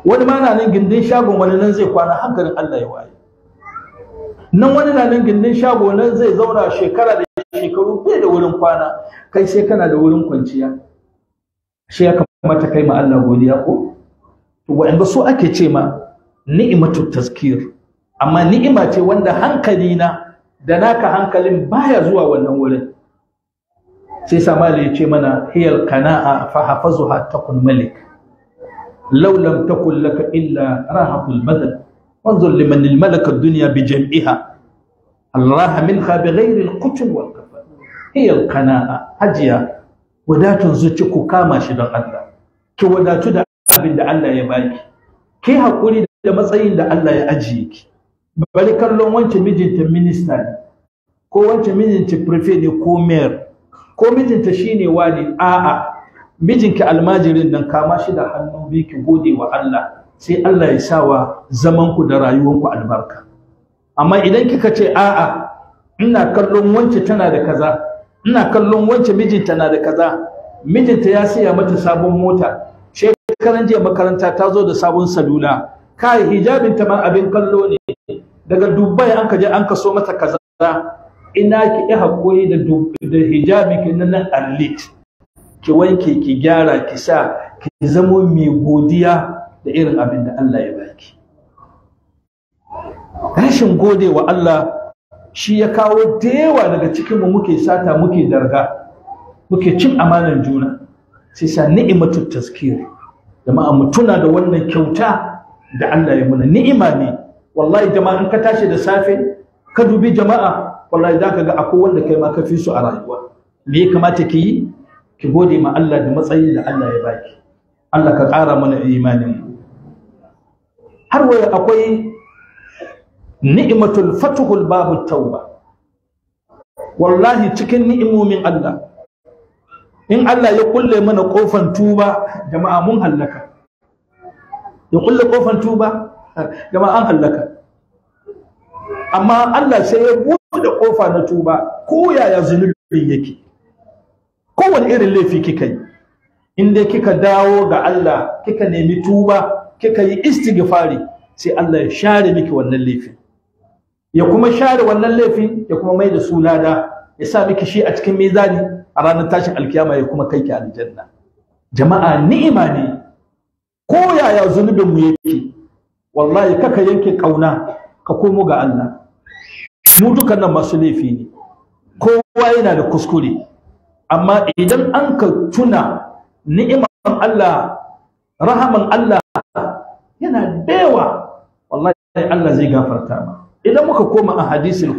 Speaker 2: wani ma na nan gindin shagon wani nan zai kwana har garin Allah ya waye nan wani na nan gindin shago nan zai zauna shekara da shekaru bai da wurin kwana kai sai kana da wurin kwanciya shi ya kamata kai ma Allah godiya ko wa'anda su ake ce ma ni'imatu tazkir amma ni'ima ce wanda hankali na da naka hankalin baya zuwa wannan wurin sai samali ya ce mana hiyal kana'a fa hafazuha takun malik law lam takun laka illa rahatul badal wanzur liman al malaka ad-dunya bi jam'iha Allah minha bi ghairi al-qutl wal kafan hiyal kana'a hajiya wadatun zuci ku kama shi don Allah ki wadatu da abin da Allah ya baki ke hakuri da matsayin da Allah ya ajiye ki bari kallon wancan mijinta minista ne ko wancan mijinta prefect ne ko mayor ko mijinta shine wani a'a mijinki almajirin nan kama shi da hannu biyu ki gode wa Allah sai Allah ya sawa zaman ku da rayuwar ku albarka amma idan kika ce a'a ina kallon wance tana da kaza ina kallon wancan mijinta na da kaza mijinta ya siya mata sabon mota karan jiya makaranta ta zo da sabon salula kai hijabin ta ma abin kallo ne daga dubai an ka je an ka so mata kaza ina ki yi hakuri da da hijabi ki nan alit ki wanke ki gyara ki sa ki zamo mai godiya da irin abin da Allah ya baki rashin gode wa Allah shi ya kawo da yawa daga cikin mu muke sata muke darga muke cin amanan juna sai sa ni'imatu tazkiri jama'a mu tuna da wannan kyauta da Allah ya muna ni'ima ne wallahi jama'a in ka tashi da safe ka dubi jama'a wallahi zaka ga akwai wanda kai ma ka fi su a rayuwa me ya kamata ki yi ki gode ma Allah da matsayin da Allah ya baki Allah ka ƙara mana imanin har waya akwai ni'matul fatuhul babu tauba wallahi cikin ni'imomin Allah in Allah ya kulle mana kofan tuba jama'a mun hallaka ya kulle kofan tuba jama'a an hallaka amma Allah sai ya buɗe kofa na tuba ko yaya zunubin yake kowane irin laifi kika yi in dai kika dawo ga Allah kika nemi tuba kika yi istighfari sai Allah ya share miki wannan laifi. ya kuma share wannan laifi, ya kuma mai da sunada ya sa miki shi a cikin mizani a ranar tashin alkiyama ya kuma kai ki aljanna jama'a ni'ima ne ko yaya zunubin mu yake wallahi kaka yanke kauna ka komo ga Allah mu dukan nan masu laifi ne kowa yana da kuskure amma idan an ka tuna ni'imar Allah rahaman Allah yana dewa wallahi Allah zai gafarta ma idan muka koma a hadisul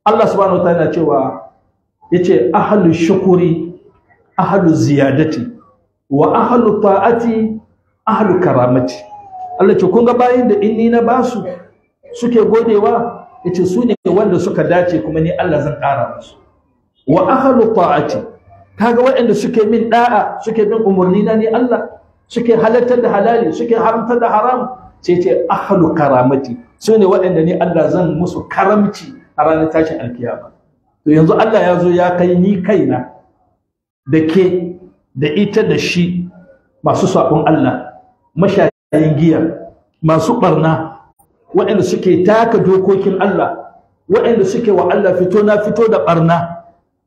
Speaker 2: Allah subhanahu wa ta'ala cewa yace ahlu shukuri ahlu ziyadati wa ahlu ta'ati ahlu karamati Allah ce kun ga bayin da inni na basu suke godewa yace su ne wanda suka dace kuma ni Allah zan ƙara musu wa ahlu ta'ati kaga waɗanda suke min da'a suke bin umarni na ni Allah suke halartar da halali suke haramtar da haram sai ce ahlu karamati su ne waɗanda ni Allah zan musu karamci a ranar tashin alkiyama to yanzu Allah ya zo ya kai ni kaina da ke da ita da shi masu saƙon Allah mashayin giya masu ɓarna waɗanda suke taka dokokin Allah waɗanda suke wa Allah fito na fito da ɓarna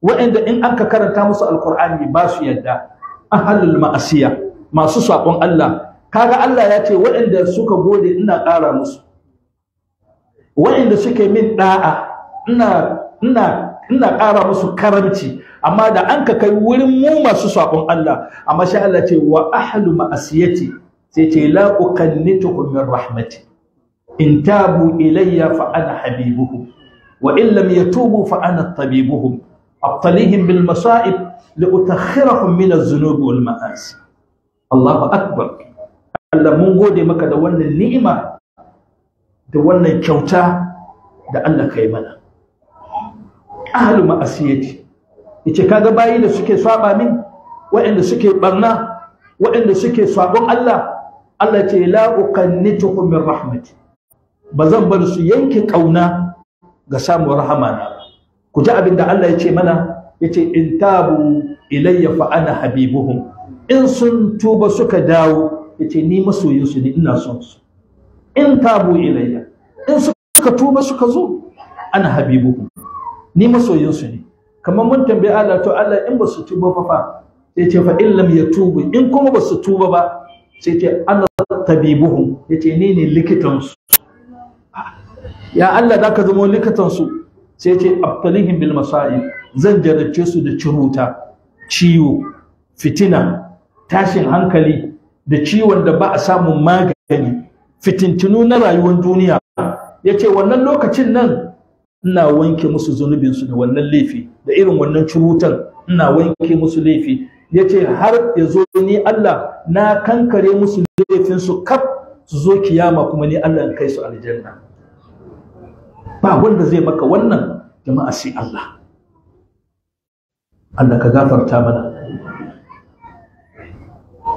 Speaker 2: waɗanda in aka karanta musu alkur'ani ba su yadda ahalul ma'asiya masu saƙon Allah kaga Allah ya ce waɗanda suka gode ina ƙara musu waɗanda suke min ɗa'a ina ina ina ƙara musu karamci amma da an ka kai wurin mu masu saƙon Allah amma sha Allah ce wa ahlu ma'asiyati sai ce la uqannitukum min rahmati in tabu ilayya fa ana habibuhum wa in lam yatubu fa ana tabibuhum abtalihim bil masa'ib li utakhirahum min az-zunub wal ma'asi Allahu akbar Allah mun gode maka da wannan ni'ima da wannan kyauta da Allah kai mana ahlu ma'asiyati yace kaga bayi da suke saba min waɗanda suke barna waɗanda suke sabon Allah Allah ce la uqannitukum min rahmati bazan bar su yanke kauna ga samun rahama na ku ji abin da Allah yace mana yace in tabu ilayya fa ana habibuhum in sun tuba suka dawo yace ni masoyin su ne ina son su in tabu ilayya in suka tuba suka zo ana habibuhum ni masoyinsu ne kamar mun tambayi Allah to Allah in ba su tuba ba fa sai ce fa in ya yatubu in kuma ba su tuba ba sai ce Allah tabibuhum ce ni ne likitansu ya Allah zaka zama likitansu sai ce abtalihim bil zan jarrace su da ciruta ciwo fitina tashin hankali da ciwon da ba a samun magani fitintinu na rayuwar duniya yace wannan lokacin nan ina wanke musu zunubinsu da wannan laifi da irin wannan curutan ina wanke musu laifi yace har ya zo ni Allah na kankare musu laifinsu kaf su zo kiyama kuma ni Allah kai su aljanna ba wanda zai maka wannan jama'a sai Allah Allah ka gafarta mana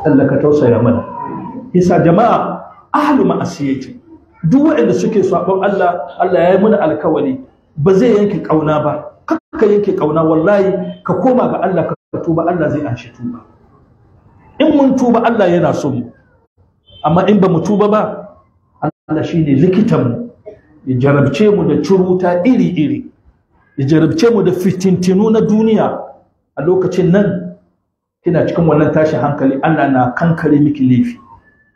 Speaker 2: Allah ka tausaya mana yasa jama'a ahli ma'asiyati duk waɗanda suke sabon Allah Allah ya yi mana alkawari ba zai yanke kauna ba kakka yanke kauna wallahi ka koma ga Allah ka tuba Allah zai anshi tuba in mun tuba Allah yana so mu amma in ba mu tuba ba Allah shine likitan mu ya jarabce mu da curuta iri iri ya jarabce mu da fitintinu na duniya a lokacin nan kina cikin wannan tashin hankali Allah na kankare miki laifi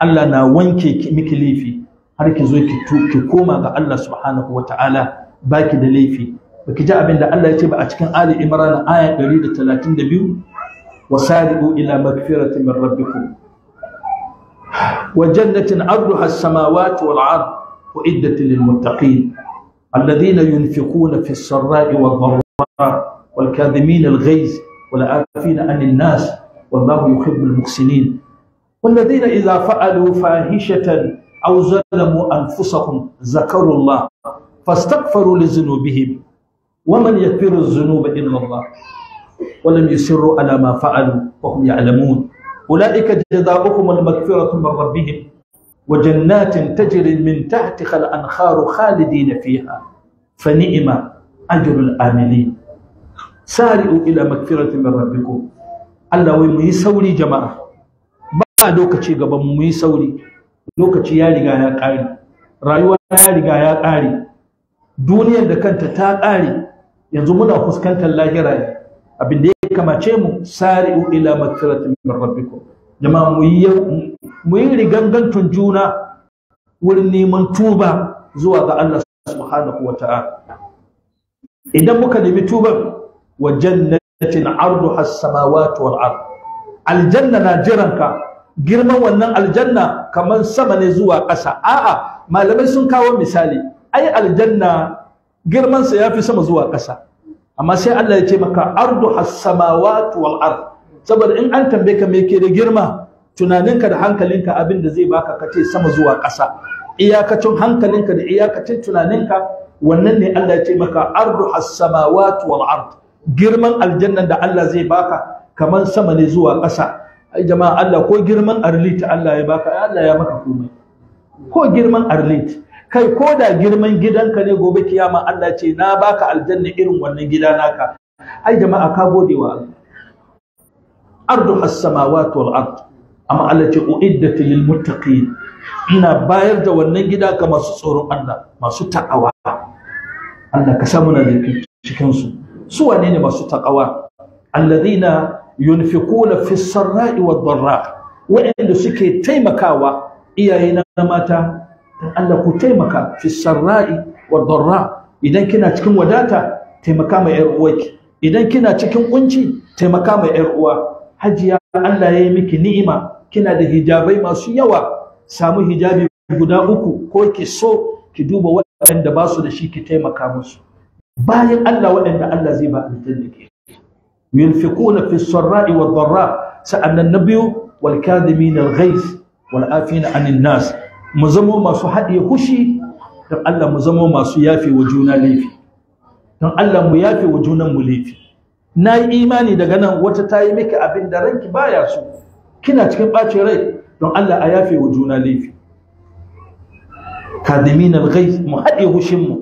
Speaker 2: Allah na wanke miki laifi har ki zo ki koma ga Allah subhanahu wataala baki da laifi baki ji abin da Allah ya ce ba a cikin Ali Imran aya 132 wasari'u ila magfiratin min rabbikum wa jannatin 'arduha as-samawati wal 'ard uiddat lil muttaqin alladhina yunfiquna fi as-sarra'i wad dharra wal kadhimin al-ghayz wal 'afina 'anil nas wallahu yuhibbul muhsinin والذين إذا فعلوا فاحشة أو ظلموا أنفسهم ذكروا الله fastaghfiru li dhunubihim wa man yaghfiru dhunuba illa Allah wa lam yusirru ala ma fa'alu wa hum ya'lamun ulaika jazaohum al-maghfiratu min rabbihim wa jannatin tajri min tahtiha al-anharu khalidina fiha fa ni'ma ajrul amilin sari'u Allah wai sauri jama'a ba lokaci gaban mu yi sauri lokaci ya riga ya ƙare rayuwa ya riga ya ƙare duniyar da kanta ta ƙare yanzu muna fuskantar lahira ne abin da ya kamace mu sari'u ila magfiratin min rabbikum jama'a mu yi rigangantun juna wurin neman tuba zuwa ga Allah subhanahu wa ta'ala idan muka nemi tuba wa jannatin arduha as-samawati wal ard aljanna na jiranka girman wannan aljanna kamar sama ne zuwa ƙasa a'a malamai sun kawo misali ai aljanna girman sa yafi sama zuwa ƙasa amma sai Allah ya ce maka ardu as-samawati wal ard saboda in an tambaye ka me yake da girma tunaninka da hankalinka abin da zai baka ka ce sama zuwa ƙasa iyakacin hankalinka da iyakacin tunaninka wannan ne Allah ya ce maka ardu as-samawati wal ard girman aljannan da Allah zai baka kaman sama ne zuwa ƙasa ai jama'a Allah ko girman arlit Allah ya baka Allah ya maka komai ko girman arlit kai ko da girman gidanka ne gobe kiyama Allah ce na baka aljanna irin wannan gida naka ai jama'a ka gode wa Allah ardu as-samawati wal ard amma Allah ce uiddat lil muttaqin ina bayar da wannan gida ga masu tsoron Allah masu ta'awa Allah ka samu na da cikin su su wane ne masu taqawa alladhina yunfiquna fi sarra'i wad darra wa'anda suke taimakawa iyaye na mata dan Allah ku taimaka fi sarra'i wa dharra idan kina cikin wadata taimaka mai yar uwaki. idan kina cikin kunci taimaka mai yar uwa hajiya Allah ya yi miki ni'ima kina da hijabai masu yawa samu hijabi guda uku ko ki so ki duba waɗanda ba su da shi ki taimaka musu bayan Allah waɗanda Allah zai ba aljanna ke yunfiquna fi sarra'i wa dharra sa'annan nabiyu wal kadhimin al wal afina nas mu zamo masu haɗe hushi don Allah mu zamo masu yafe wa juna laifi don Allah mu yafe wa junan mu laifi na yi imani daga nan wata ta yi miki abin da ranki baya so kina cikin ɓacin rai don Allah a yafe wa juna laifi kadimin al mu haɗe hushin mu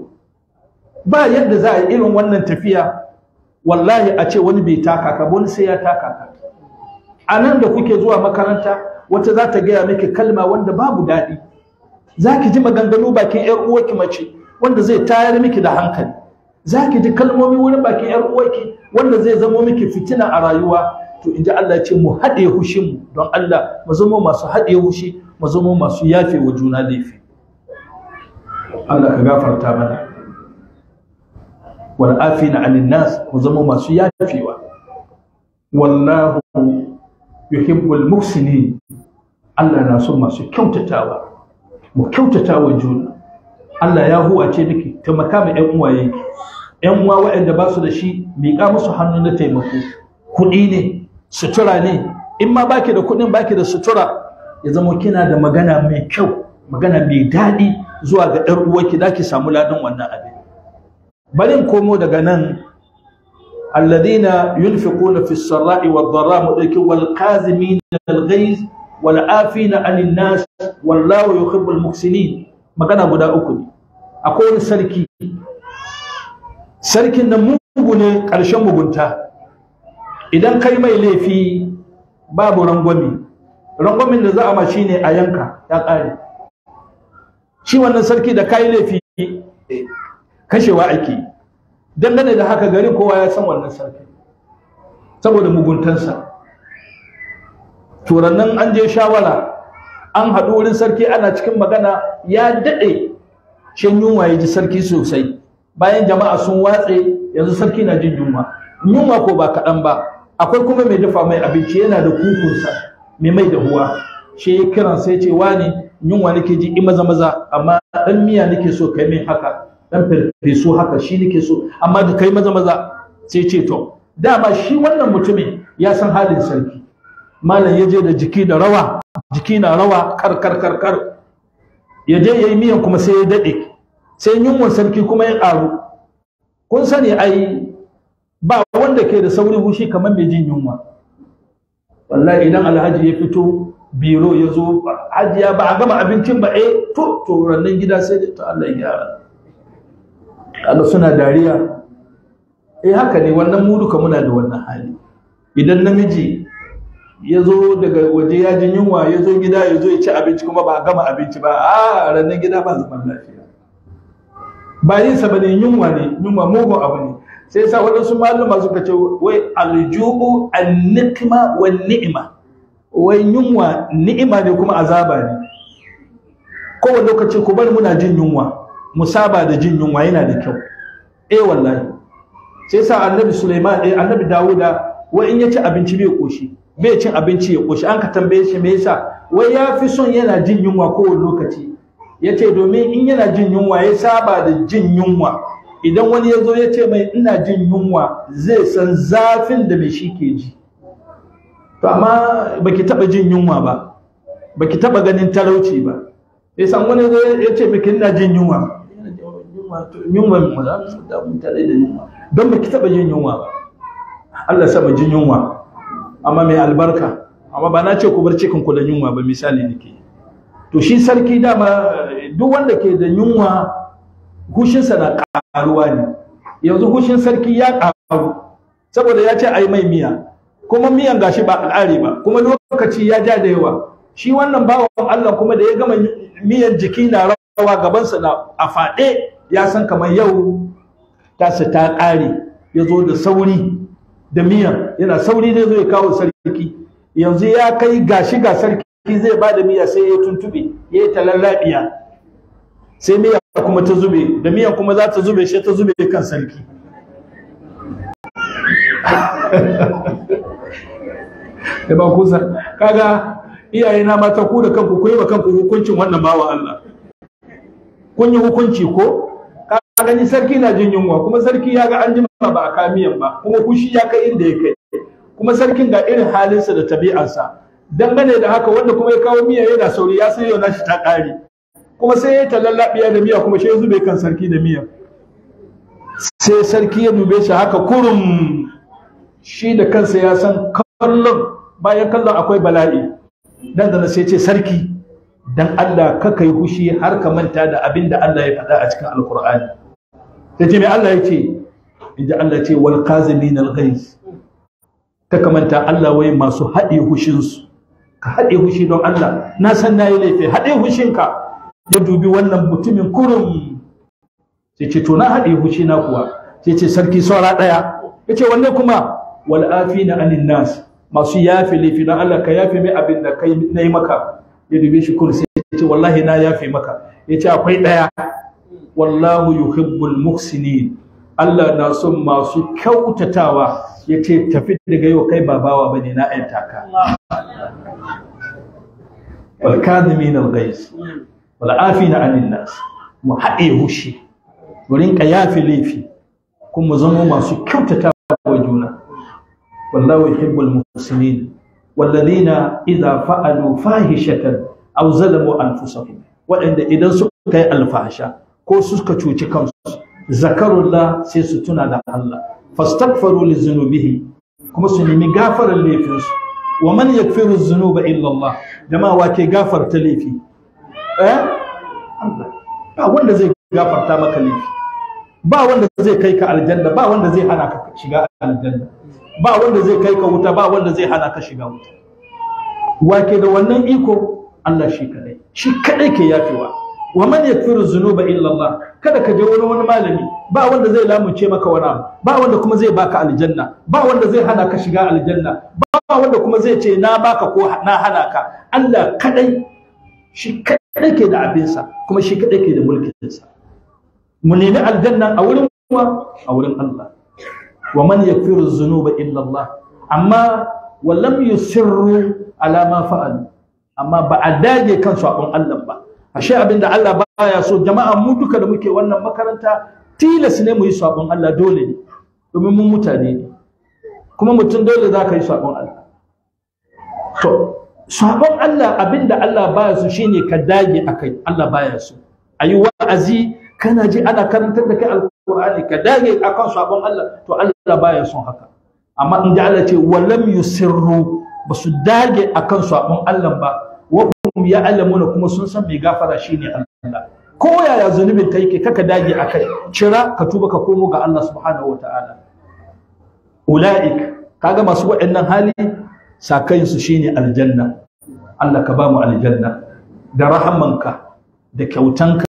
Speaker 2: ba yadda za a yi irin wannan tafiya wallahi a ce wani bai taka ka wani sai ya taka ka a nan da kuke zuwa makaranta wata za ta gaya miki kalma wanda babu daɗi za ki ji maganganu bakin ‘yar uwarki mace wanda zai tayar miki da hankali za ki ji kalmomi wurin bakin ‘yar uwarki wanda zai zamo miki fitina a rayuwa to in ji Allah ce mu haɗe mu, don Allah mu zamo masu haɗe hushi mu zamo masu yafe wa juna laifi Allah ka gafarta mana wal afina anin nas mu zamo masu yafewa wallahu yuhibbul muhsinin Allah na son masu kyautatawa mu kyautata wa juna Allah ya huwace nake taimaka ma ƴan uwaye ƴan uwa waɗanda ba su da shi miƙa musu hannu na taimako kuɗi ne sutura ne in ma baki da kuɗin baki da sutura ya zama kina da magana mai kyau magana mai daɗi zuwa ga ɗan uwarki da ki samu ladan wannan abin bari in komo daga nan alladhina yunfiquna fi sarra'i wad-dharra mu dauki wal qazimin al-ghayz wal afina anin nas wallahu yuhibbul muksinin magana guda uku ne akwai wani sarki sarkin nan mugu ne ƙarshen mugunta idan kai mai laifi babu rangwami rangwamin da za a mashi ne a yanka ya ƙare shi wannan sarki da kai laifi kashewa ake dangane da haka gari kowa ya san wannan sarki saboda muguntansa turannan an je shawara an haɗu wurin sarki ana cikin magana ya daɗe shan yunwa ya ji sarki sosai bayan jama'a sun watse yanzu sarki na jin yunwa yunwa ko ba kaɗan ba akwai kuma mai dafa mai abinci yana da kukunsa mai mai da huwa shi ya kiran sai ce wani yunwa nake ji in maza maza amma ɗan miya nake so kai min haka ɗan so haka shi nake so amma da kai maza maza sai ce to dama shi wannan mutumin ya san halin sarki malam ya je da jiki da rawa jiki na rawa kar kar kar kar ya je ya yi miyan kuma sai ya daɗe sai yunwan sarki kuma ya ƙaru kun sani ai ba wanda ke da sauri hushi kamar mai jin yunwa wallahi idan alhaji ya fito biro ya zo hajiya ba a gama abincin ba eh to to rannan gida sai da ta Allah ya Allah suna dariya eh haka ne wannan mudu muna da wannan hali idan namiji ya zo daga waje ya ji yunwa ya zo gida ya zo ya ci abinci kuma ba a gama abinci ba a ranar gida ba zaman lafiya ba yin sa ne yunwa ne yunwa mugu abu ne sai sa waɗansu malama suka ce wai aljubu nikima wa ni'ima wai yunwa ni'ima ne kuma azaba ne kowane lokaci ku bar muna jin yunwa mu saba da jin yunwa yana da kyau eh wallahi sai sa annabi Sulaiman eh annabi Dawuda wai in ya ci abinci bai koshi bai cin abinci ya koshi an ka tambaye shi me yasa wai ya fi son yana jin yunwa kowane lokaci ya ce domin in yana jin yunwa ya saba da jin yunwa idan wani ya zo ya ce mai ina jin yunwa zai san zafin da mai shi ke ji to amma baki taba jin yunwa ba baki taba ganin talauci ba ya san wani ya zo ya ce miki ina jin yunwa yunwa mu za mu da tare da yunwa don baki taba jin yunwa ba Allah sama jin yunwa amma mai albarka amma ba na ce ku bar cikin ku da yunwa ba misali nake to shi sarki dama duk wanda ke da yunwa hushinsa na karuwa ne yanzu hushin sarki ya karu saboda ya ce ai mai miya kuma miyan gashi ba al'ari ba kuma lokaci ya ja da yawa shi wannan bawan Allah kuma da ya gama miyan jiki na rawa gabansa na a faɗe ya san kamar yau tasa ta ƙare ya zo da sauri da miyan yana sauri zai zo ya kawo sarki yanzu ya kai gashi ga sarki zai ba da miya sai ya tuntube ya yi talallabiya sai miya kuma ta zube da miyan kuma za ta zube shi ta zube kan sarki da ba kusa kaga iyaye na mata ku da kanku ku yi wa kanku hukuncin wannan bawa Allah kun yi hukunci ko gani sarki na jin yunwa kuma sarki ya ga an ma ba a kamiyan ba kuma kushi ya kai inda ya kai kuma sarkin ga irin halinsa da tabi'arsa dangane da haka wanda kuma ya kawo miya yana sauri ya sayo yau nashi ta ƙare kuma sai ya talallabiya da miya kuma shi ya zube kan sarki da miya sai sarki ya dube shi haka kurum shi da kansa ya san kallon bayan kallon akwai bala'i dan da sai ce sarki dan Allah ka kai hushi har ka manta da abin da Allah ya faɗa a cikin alkur'ani sai mai Allah ya ce inda Allah ce wal kazimin na ghaiz ta kamanta Allah wai masu haɗe hushinsu ka haɗe hushi don Allah na san na yi laifi haɗe hushinka ya dubi wannan mutumin kurum sai ce to na haɗe hushi na kuwa sai ce sarki saura ɗaya ya ce wanne kuma wal na anin nas masu yafe laifi don Allah ka yafe mai abin da kai na yi maka ya dubi shi kurum sai ce wallahi na yafe maka ya ce akwai ɗaya wallahu yuhibbul muhsinin Allah na son masu kyautatawa ya ce tafi daga yau kai babawa ba ne na ‘yan taka. Walkazimin al-gais, wal'afi na anin mu haɗe hushi, wurin ƙayafi laifi, kuma zama masu kyautatawa wa juna. Wallahu yuhibbul muhsinin walladhina idza fa'alu fahishatan aw zalamu anfusahum waɗanda idan suka yi alfasha ko suka cuci kansu zakarullah sai su tuna da Allah fastaghfiru lizunubihi kuma su nemi gafarar laifinsu wa man yakfiru zunuba illa Allah jama'a wa ke gafarta laifi eh Allah ba wanda zai gafarta maka laifi ba wanda zai kai ka aljanna ba wanda zai hana ka shiga aljanna ba wanda zai kai ka wuta ba wanda zai hana ka shiga wuta wake da wannan iko Allah shi kadai shi kadai ke yafewa wa man yakfiru dhunuba illa Allah kada ka je wurin wani malami ba wanda zai lamunce maka wani abu ba wanda kuma zai baka aljanna ba wanda zai hana ka shiga aljanna ba wanda kuma zai ce na baka ko na hana ka Allah kadai shi kadai ke da abinsa kuma shi kadai ke da mulkin sa.
Speaker 1: mu nemi aljanna a wurin
Speaker 2: kuwa a wurin Allah wa man yakfiru dhunuba illa Allah amma wa lam yusirru ala ma fa'alu amma ba a dage kan sabon Allah ba ashe abinda Allah baya so jama'a mu duka da muke wannan makaranta tilas ne mu yi sabon Allah dole ne domin mun mutane ne kuma mutum dole za ka yi sabon Allah to sabon Allah abinda Allah baya so shine ka dage akai Allah baya so ayi wa'azi kana ji ana karantar da kai alqur'ani ka dage akan sabon Allah to Allah baya son haka amma in da Allah ce walam yusirru basu dage akan sabon Allah ba ya alamuna kuma sun san mai gafara ne Allah ko yaya zunubin ka yake kaka dage akai cira ka tuba ka komo ga Allah subhanahu ta'ala. ulaik kaga masu waɗannan hali Sakayinsu shi ne aljanna Allah ka bamu aljanna da rahamanka da kyautanka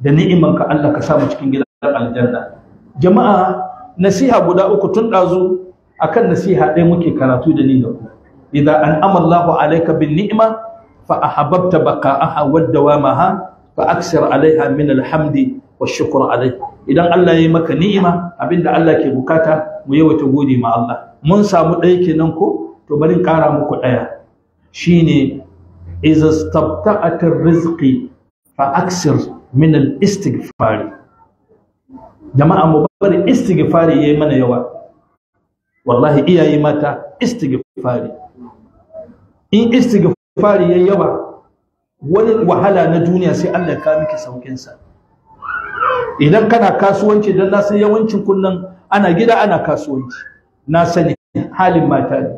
Speaker 2: da ni'imanka Allah ka mu cikin gidan aljanna jama'a nasiha guda uku tun ɗazu akan nasiha ɗaya muke karatu da ni da ku idza an'ama Allahu alayka bin ni'ima. fa ahabbta baqa'aha wa dawamaha fa aksir alaiha min alhamdi wa shukr alaiha idan Allah ya yi maka ni'ima abinda Allah ke bukata mu yawaita gode ma Allah mun samu ɗaya kenan ko to bari ƙara muku ɗaya shine iza stabta'atir rizqi fa aksir min al-istighfari jama'a mu bari istighfari yayi mana yawa wallahi iyaye mata istighfari in istighfari fari ya yawa wani wahala na duniya sai Allah ya kawo miki saukin sa idan kana kasuwanci dan na san yawancin kullun ana gida ana kasuwanci na sani halin mata ne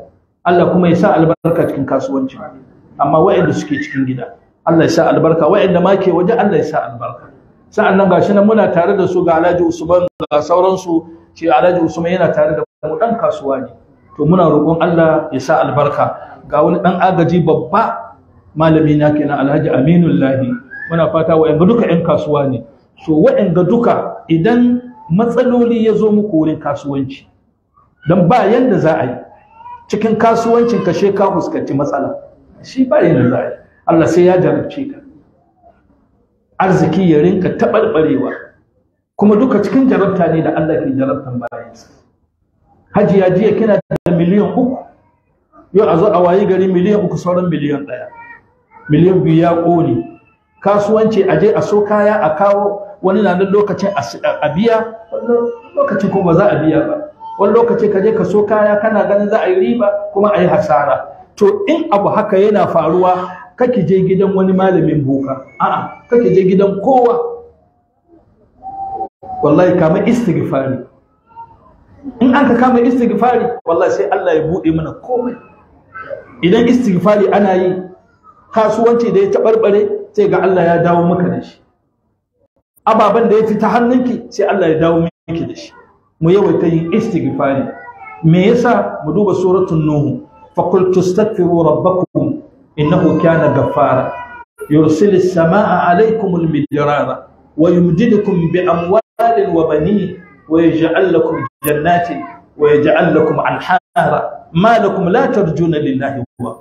Speaker 2: Allah kuma ya sa albarka cikin kasuwanci amma waɗanda suke cikin gida Allah ya sa albarka waɗanda ma ke waje Allah ya sa albarka nan gashi nan muna tare da su ga Alhaji Usman ga sauransu ce Alhaji Usman yana tare da mu dan kasuwa ne to muna roƙon Allah ya sa albarka ga wani ɗan agaji babba malami na kenan Alhaji Aminu Lahi muna fata wa wa'anga duka yan kasuwa ne so ga duka idan matsaloli ya zo muku wurin kasuwanci dan ba yanda za a yi cikin kasuwancin ka ka fuskanci matsala shi ba yanda za a yi Allah sai ya jarabce ka arziki ya rinka taɓarɓarewa kuma duka cikin jarabta ne da Allah ke jarabtan bayansa hajiya jiya kina da miliyan uku yau a zo a wayi gari miliyan uku sauran miliyan ɗaya miliyan biyu ya ƙone kasuwanci a je a so kaya a kawo wani na nan lokacin a biya lokaci kuma ba za a biya ba wani lokaci ka je ka so kaya kana ganin za a yi riba kuma a yi hasara to in abu haka yana faruwa kake je gidan wani malamin boka a'a kake je gidan kowa wallahi kamar istighfari in an ka kama istighfari wallahi sai Allah ya bude mana komai idan istighfari ana yi kasuwanci da ya tabarbare sai ga Allah ya dawo maka da shi ababen da ya fita hannunki sai Allah ya dawo miki da shi mu yawaita yin istighfari me yasa mu duba suratul nuh fa qul tastaghfiru rabbakum innahu kana ghaffara yursilis samaa alaykum almidrara ويمددكم بأموال وبنين ويجعل لكم jannati wa yaj'al lakum anhara ma lakum la tarjuna lillahi wa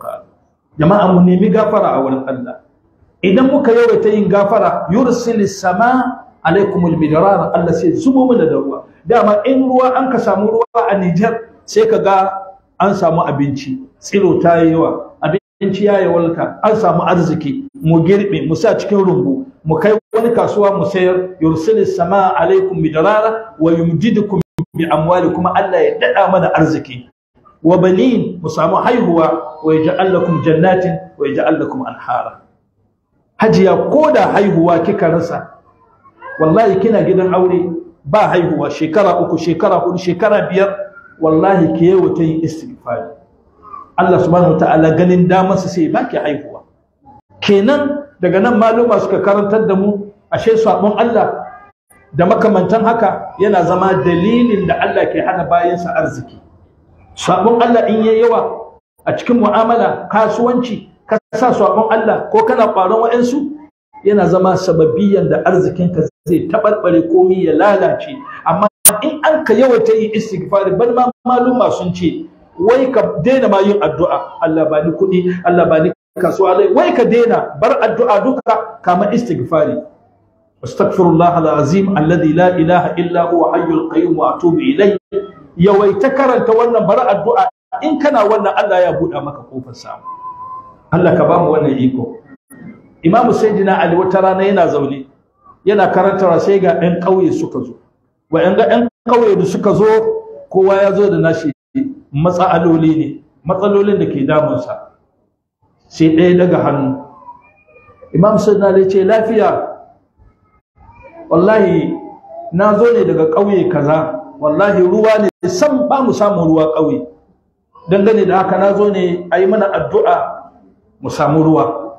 Speaker 2: jama'a mu nemi gafara a wurin Allah idan muka yawaita yin gafara yursil sama alaikum almidrar Allah sai zubo mana da ruwa dama in ruwa an ka samu ruwa a Niger sai ka ga an samu abinci tsiro ta yi yawa abinci ya yi walka an samu arziki mu girbe mu sa cikin rumbu mu kai wani kasuwa mu sayar yursil sama alaikum midrara wa yumjidukum bi amwali kuma Allah ya dada mana arziki wa banin mu samu haihuwa wa yaj'al lakum jannatin wa yaj'al lakum anhara hajiya koda haihuwa kika rasa wallahi kina gidan aure ba haihuwa shekara uku shekara hudu shekara biyar wallahi ki yawo ta yin istighfari Allah subhanahu ganin damarsa sai baki haihuwa kenan daga nan maluma suka karantar da mu ashe sabon Allah da makamantan haka yana zama dalilin da Allah ke hana bayansa arziki sabon Allah in yayi yawa a cikin mu'amala kasuwanci ka sa sabon Allah ko kana ƙwaron wa'ansu yana zama sababiyan da arzikinka zai taɓarɓare komi ya lalace amma in an ka yawaita yin istighfar ban ma maluma sun ce wai ka daina ma yin addu'a Allah ba ni kuɗi Allah ba ni kasuwa wai ka daina bar addu'a duka kama istighfari استغفر الله العظيم الذي لا اله الا هو حي القيوم واتوب اليه yawaita karanta wannan bar addu'a in kana wannan Allah ya buɗa maka kofar samu Allah ka bamu wannan iko Imam Sayyidina Ali wata rana yana zaune yana karantara sai ga ɗan ƙauye suka zo wa ga ɗan ƙauye da suka zo kowa ya zo da nashi matsaloli ne matsalolin da ke damunsa sai ɗaya daga hannu Imam Sayyidina Ali ce lafiya wallahi na zo ne daga ƙauye kaza wallahi ruwa ne san ba mu samu ruwa ƙauye dangane da haka na zo ne a yi mana addu'a mu samu ruwa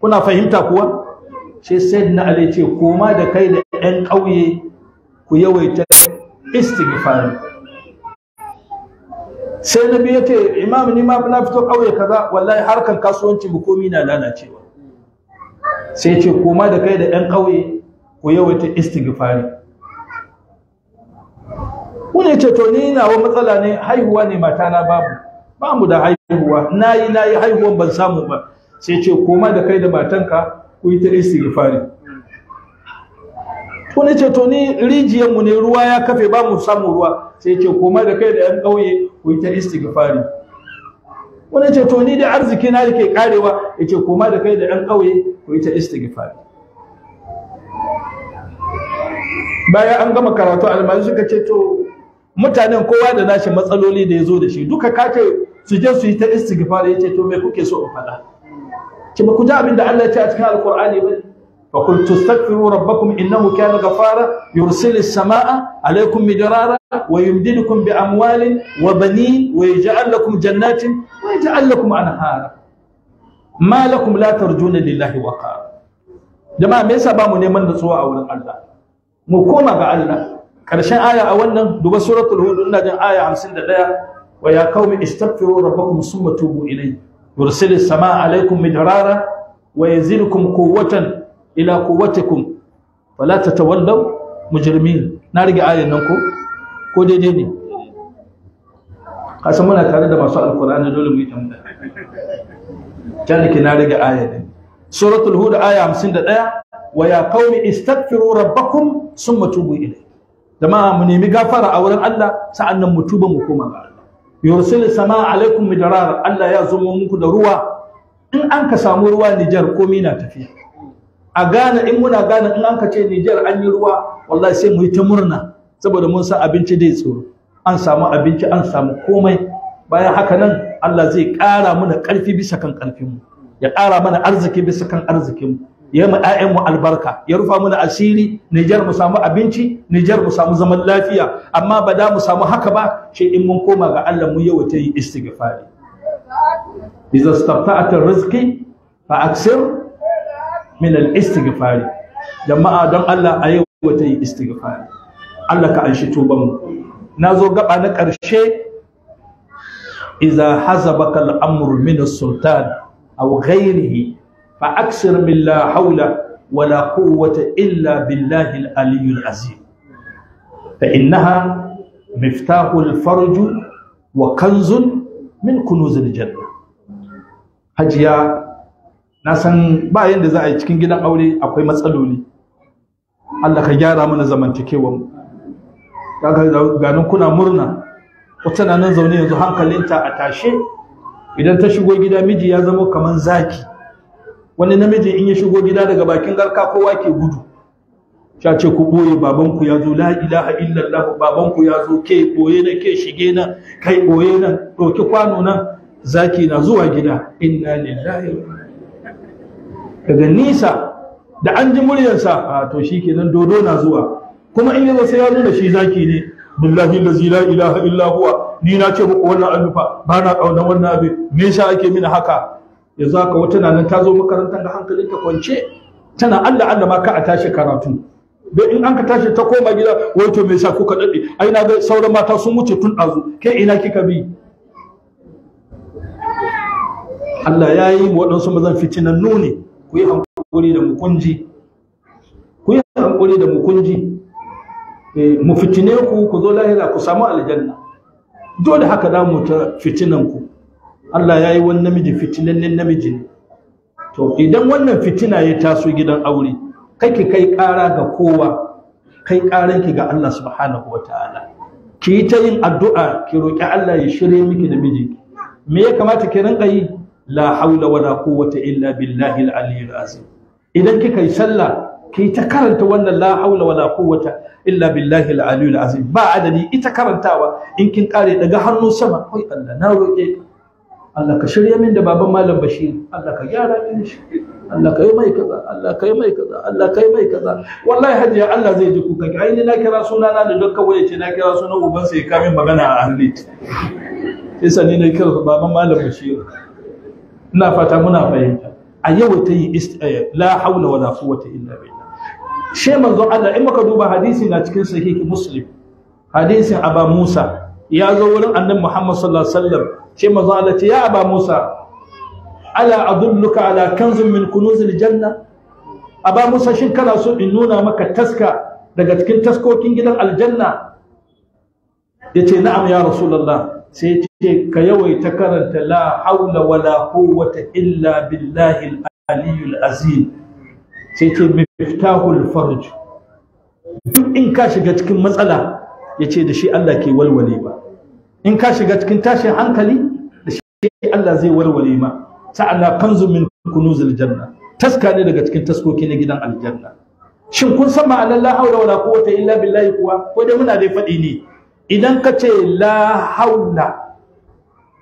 Speaker 2: kuna fahimta kuwa sai na ali ce koma da kai da 'yan ƙauye ku yawaita istighfar sai na ya ce imam ni ma na fito ƙauye kaza wallahi harkar kasuwanci mu komi na lalacewa sai ce koma da kai da 'yan ƙauye ku yawaita istighfari kun ce to ni nawa matsala ne haihuwa ne matana babu ba mu da haihuwa nayi nayi haihuwan ban samu ba sai ce koma da kai da matanka ku yi ta istighfari kun ce to ni rijiyar mu ne ruwa ya kafe ba mu samu ruwa sai ce koma da kai da yan kauye ku yi ta istighfari wani ce to ni da arziki na yake karewa yace koma da kai da yan kauye ku yi ta istighfari bayan an gama karatu almajirai suka ce to mutanen kowa da nashi matsaloli da ya zo da shi duka ka ce su je su yi ta istighfar ya ce to me kuke so in faɗa ki ba ku ji abin da Allah ya ce a cikin alqur'ani ba fa kun tastaghfiru rabbakum innahu kana ghafara yursilu as-samaa'a 'alaykum midrara wa yumdidukum bi amwalin wa banin wa yaj'al lakum jannatin wa yaj'al lakum anhara ma lakum la tarjuna lillahi waqara jama'a me yasa ba mu neman nutsuwa a wurin Allah mu koma ga Allah karshen aya a wannan duba suratul hud ina jin aya 51 wa ya qaumi istaghfiru rabbakum summa tubu ilayhi yursilis samaa alaykum midrara wa yazidukum quwwatan ila quwwatikum wala tatawallaw mujrimin na rige ayan nan ko ko daidai ne kasan muna tare da masu alkur'ani dole mu yi tambaya kyanike na rige ayan suratul hud aya 51 wa ya qaumi istaghfiru rabbakum summa tubu ilayhi jama'a mu nemi gafara a wurin Allah sa'annan mu tuba mu koma ga Allah yursil sama alaikum midrar Allah ya zo muku da ruwa in an ka samu ruwa Nijar komai na tafi. a Ghana in muna Ghana in an ka ce Nijar an yi ruwa wallahi sai mu yi ta murna saboda mun san abinci dai tsoro an samu abinci an samu komai bayan haka nan Allah zai ƙara mana ƙarfi bisa kan ƙarfinmu ya ƙara mana arziki bisa kan arzikinmu ya mu ƴaƴan mu albarka ya rufa mana asiri Niger mu samu abinci Niger mu samu zaman lafiya amma ba da mu samu haka ba shi in mun koma ga Allah mu ta yi istighfari idza istata'ata rizqi fa aksir min al-istighfari jama'a don Allah a ta yi istighfari Allah ka anshi tuban mu nazo gaba na ƙarshe idza hazabaka al-amru min as-sultan aw ghayrihi fa aksir min la haula ولا قوة إلا بالله العلي العظيم فإنها مفتاح الفرج وكنز من كنوز الجنة هجيا nasan ba yanda za a yi cikin gidan aure akwai matsaloli Allah ka gyara mana zamantakewar mu ganin kuna murna wata nan zaune yanzu hankalinta a tashe idan ta shigo gida miji ya zama kaman zaki wani namiji in ya shigo gida daga bakin garka kowa ke gudu sha ce ku ɓoye babanku ya zo la ilaha illallah babanku ya zo ke ɓoye na ke shige na kai ɓoye na ɗauki kwano na zaki na zuwa gida inna lillahi daga nisa da an ji muryarsa a to shi kenan dodo na zuwa kuma in yazo sai ya nuna shi zaki ne billahi allazi la ilaha illa huwa ni na ce muku wannan alufa. ba na kauna wannan abin me yasa ake mini haka yanzu haka wata nan ta zo makarantar da hankalin ta kwance tana Allah Allah ma ka a tashi karatu don in an ka tashi ta koma gida wai to me ku kuka dade ai na ga sauran mata sun wuce tun azu kai ina kika bi Allah ya yi mu waɗansu mazan fitinan nuni ku yi hankuri da mukunji ku yi hankuri da mukunji eh, mu fitine ku ku zo lahira ku samu aljanna dole haka da mu ta fitinan ku Allah ya yi wani namiji fitinannen namiji ne to idan wannan fitina ya taso gidan aure kai ki kai ƙara ga kowa kai ƙaranki ga Allah subhanahu wa ta'ala ki yi ta yin addu'a ki roƙi Allah ya shirye miki da miji me ya kamata ki rinka yi la haula wala quwwata illa billahi al-aliyyil azim idan kika yi sallah ki ta karanta wannan la haula wala quwwata illa billahi al-aliyyil azim ba adadi ita karantawa in kin kare daga hannu sama kai Allah na roƙe ka Allah ka shirya min da baban malam bashir Allah ka gyara min shi Allah ka yi mai kaza Allah ka yi mai kaza Allah ka yi mai kaza wallahi hajiya Allah zai ji kuka ki aini na kira suna na da dukkan waye ce na kira sunan uban sai ka min magana a ahli sai sani na kira baban malam bashir ina fata muna fahimta a yau ta yi eh, la haula wala quwwata illa billah she manzo Allah in muka duba hadisi na cikin sahihi muslim hadisin aba musa ya zo wurin annabi muhammad sallallahu alaihi wasallam sai manzo Allah ce ya aba Musa ala adulluka ala kanzun min kunuzil janna aba Musa shin kana so in nuna maka taska daga cikin taskokin gidan aljanna ce na'am ya rasulullah sai ce ka yawaita karanta la haula wala quwwata illa billahi al-aliyyul azim sai ce miftahul farj duk in ka shiga cikin matsala yace da shi Allah ke walwale ba in ka shiga cikin tashin hankali Allah zai warware ma sa'anna kanzu min kunuzil janna taska ne daga cikin taskoki na gidan aljanna shin kun san ma'anar la haula wala quwwata illa billahi kuwa ko dai muna dai faɗi ne idan ka ce la haula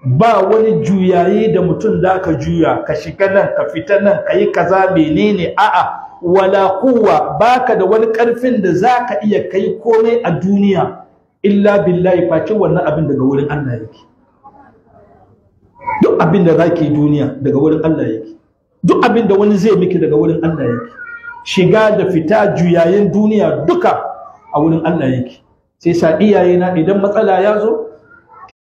Speaker 2: ba wani juyayi da mutum da ka juya ka shiga nan ka fita nan ka yi kaza menene a'a wala quwwa baka da wani karfin da zaka iya kai komai a duniya illa billahi face wannan abin daga wurin Allah yake duk abin da za ki duniya daga wurin Allah yake duk abin da wani zai miki daga wurin Allah yake shiga da fita juyayen duniya duka a wurin Allah yake sai sa iyaye na idan matsala ya zo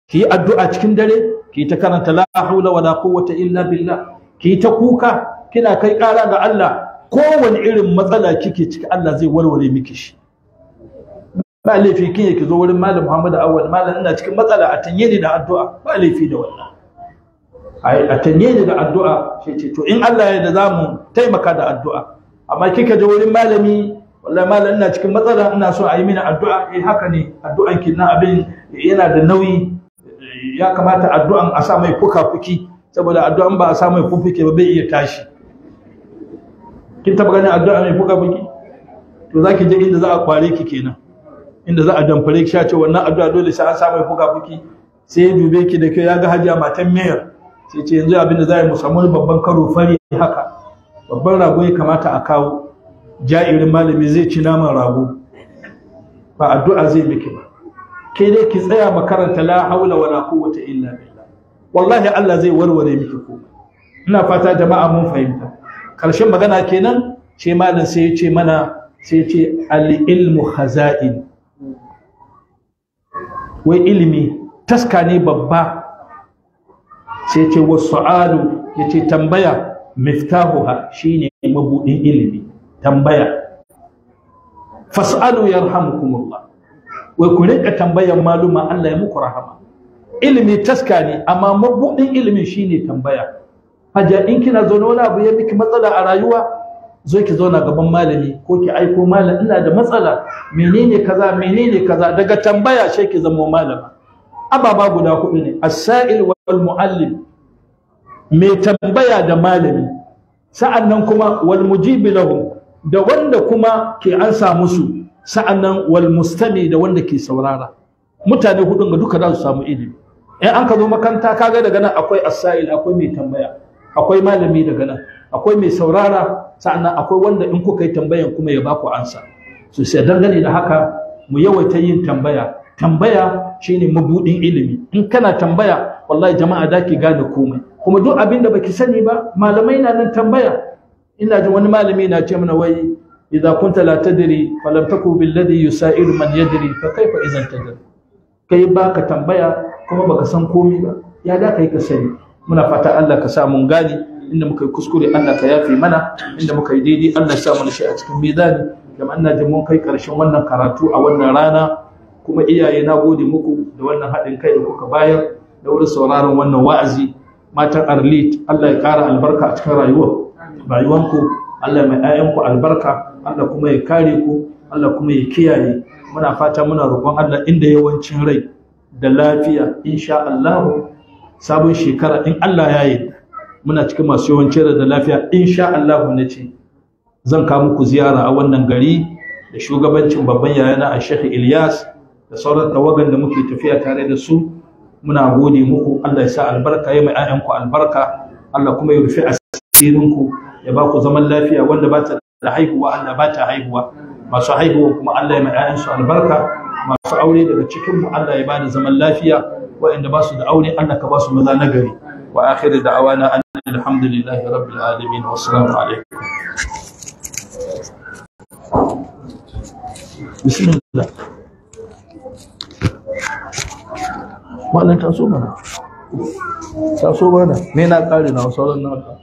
Speaker 2: ki yi addu'a cikin dare ki ta karanta la haula wala quwwata illa billah ki ta kuka kina kai ƙara ga Allah kowane irin matsala kike ciki Allah zai warware miki shi ba laifi kin yake zo wurin malam Muhammad Awwal malam ina cikin matsala a tanye ni da addu'a ba laifi da wannan a tanye ni da addu'a shi to in Allah ya da za mu taimaka da addu'a amma kika je wurin malami wallahi malam ina cikin matsala ina so a yi mini addu'a eh haka ne addu'an ki na abin yana da nauyi ya kamata addu'an a sa mai fuka-fuki saboda addu'an ba a sa mai fufuke ba bai iya tashi kin taba ganin addu'a mai fuka-fuki to za je inda za a kware ki kenan inda za a damfare ki sha ce wannan addu'a dole sai an sa mai fuka-fuki sai ya dube ki da kyau ya ga hajiya matan mayor sai ce yanzu abin da za mu samu babban karo fari haka babban rago ya kamata a kawo ja'irin malami zai ci naman rago ba addu'a zai miki ba ke dai ki tsaya makaranta la haula wala quwwata illa billah wallahi Allah zai warware miki ko. ina fata jama'a mun fahimta karshen magana kenan ce malam sai ya ce mana sai ya ce al-ilmu khaza'in wai ilimi taska ne babba sai ce wasu alu ya ce tambaya miftahuha shine mabudin ilimi tambaya fas'alu yarhamukumullah wai ku rinka tambayan maluma Allah ya muku rahama ilimi taska ne amma mabudin ilimi shine tambaya haja in kina zaune wani abu ya miki matsala a rayuwa zo ki zauna gaban malami ko ki aiko malam ina da matsala menene kaza menene kaza daga tambaya sai ki zama malama ababa guda hudu ne Asa'il wal muallim mai tambaya da malami sa'annan kuma wal mujibi lahu da wanda kuma ke ansa musu sa'annan wal mustami da wanda ke saurara mutane hudun ga duka za su samu ilimi in an ka zo makaranta kaga daga nan akwai asa'il akwai mai tambaya akwai malami daga nan akwai mai saurara sa'annan akwai wanda in kuka yi tambayan kuma ya baku ansa so sai dangane da haka mu yawaita yin tambaya tambaya shine mabudin ilimi in kana tambaya wallahi jama'a da ke gane komai kuma duk abin da baki sani ba malamai na nan tambaya ina jin wani malami na ce mana wai idza kunta la tadri falam taku bil ladhi yusailu man yadri fa kaifa idan tadri kai baka tambaya kuma baka san komai ba ya da kai ka sani muna fata Allah ka sa mun gane inda muka yi kuskure Allah ka yafe mana inda muka yi daidai Allah ya sa mana shi a cikin mizani jama'an na jin mun kai karshen wannan karatu a wannan rana kuma iyaye na gode muku da wannan haɗin kai da kuka bayar da wurin sauraron wannan wa'azi matan arlit Allah ya ƙara albarka a cikin rayuwa rayuwanku Allah mai ayyanku albarka Allah kuma ya kare ku Allah kuma ya kiyaye muna fata muna roƙon Allah inda yawancin rai da lafiya insha Allah sabon shekara in Allah ya yi muna cikin masu yawancin rai da lafiya insha Allah ne ce zan kawo muku ziyara a wannan gari da shugabancin babban yayana a Sheikh Ilyas da sauran tawagan da muke tafiya tare da su muna gode muku Allah ya sa albarka ya mai ayyanku albarka Allah kuma ya rufe asirinku ya ba ku zaman lafiya wanda ba ta da haihuwa Allah ba ta haihuwa masu haihuwa kuma Allah ya mai ayyansu albarka masu aure daga cikin mu Allah ya bada zaman lafiya waɗanda ba su da aure Allah ka ba su maza na gari wa akhiru da'awana an alhamdulillahi rabbil alamin wassalamu
Speaker 1: alaikum بسم
Speaker 2: الله malam so mana ta so mana me na kare na sauran naka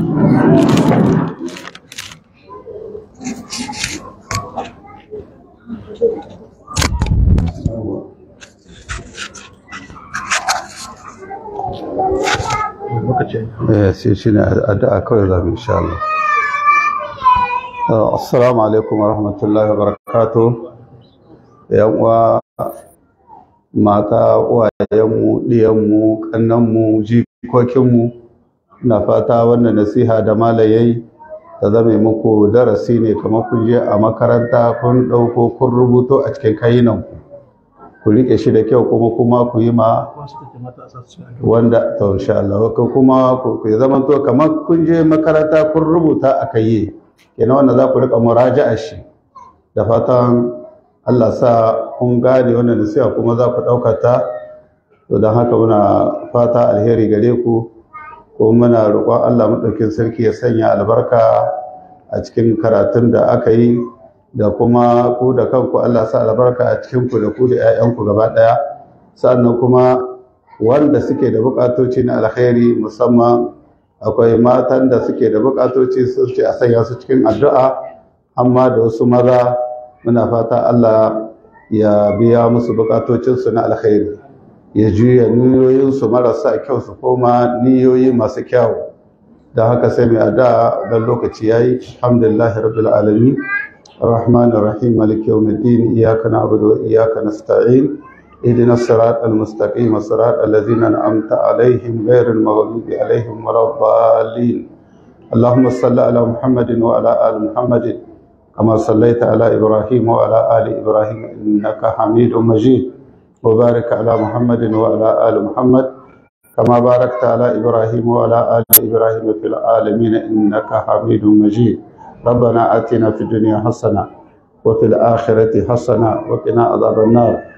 Speaker 1: Thank you. muka ce eh sai
Speaker 3: shine addu'a kawai za mu insha Allah eh, assalamu alaikum wa rahmatullahi wa barakatuh yan uwa mata uwayenmu diyanmu kannanmu jikokinmu na fata wannan nasiha da malayai ta zame muku darasi ne kamar kun je a makaranta kun ɗauko kun rubuto a cikin kayinanku ku riƙe shi da kyau kuma kuma ku yi ma wanda to insha Allah ko kuma ku zaman to kamar kun je makaranta kun rubuta a kai kenan wanda za ku rika muraja'a shi da fatan Allah sa kun gane wannan nasiha kuma za ku dauka ta to dan haka muna fata alheri gare ku kuma muna roƙon Allah madaukin sarki ya sanya albarka a cikin karatun da aka yi da kuma ku da kanku Allah sa albarka a cikin ku da ku da ƴaƴanku gaba ɗaya sannan kuma wanda suke da bukatoci na alkhairi musamman akwai matan da suke da bukatoci sun ce a sanya su cikin addu'a amma da wasu maza muna fata Allah ya biya musu bukatocinsu na alkhairi ya juya niyoyinsu marasa kyau su koma niyoyi masu kyau da haka sai mai addu'a don lokaci yayi alhamdulillahi rabbil alamin الرحمن الرحيم malik yawmiddin iyyaka na'budu wa iyyaka nasta'in اهدنا الصراط المستقيم الصراط الذين أنعمت عليهم غير المغلوب عليهم ولا الضالين اللهم صل على محمد وعلى آل محمد كما صليت على إبراهيم وعلى آل إبراهيم إنك حميد مجيد وبارك على محمد وعلى آل محمد كما باركت على إبراهيم وعلى آل إبراهيم في العالمين إنك حميد مجيد ربنا آتنا في الدنيا حسنة وفي الآخرة حسنة وقنا عذاب النار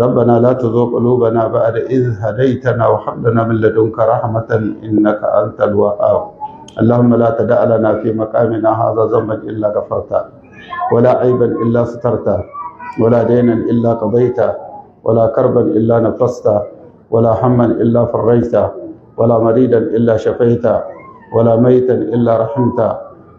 Speaker 3: ربنا لا تزغ قلوبنا بعد إذ هديتنا وهب لنا من لدنك رحمة إنك أنت الوهاب اللهم لا تدع لنا في مقامنا هذا ذنبا إلا غفرته ولا عيبا إلا سترته ولا دينا إلا قضيته ولا كربا إلا نفسته ولا هما إلا فريته ولا مريدا إلا شفيته ولا ميتا إلا رحمته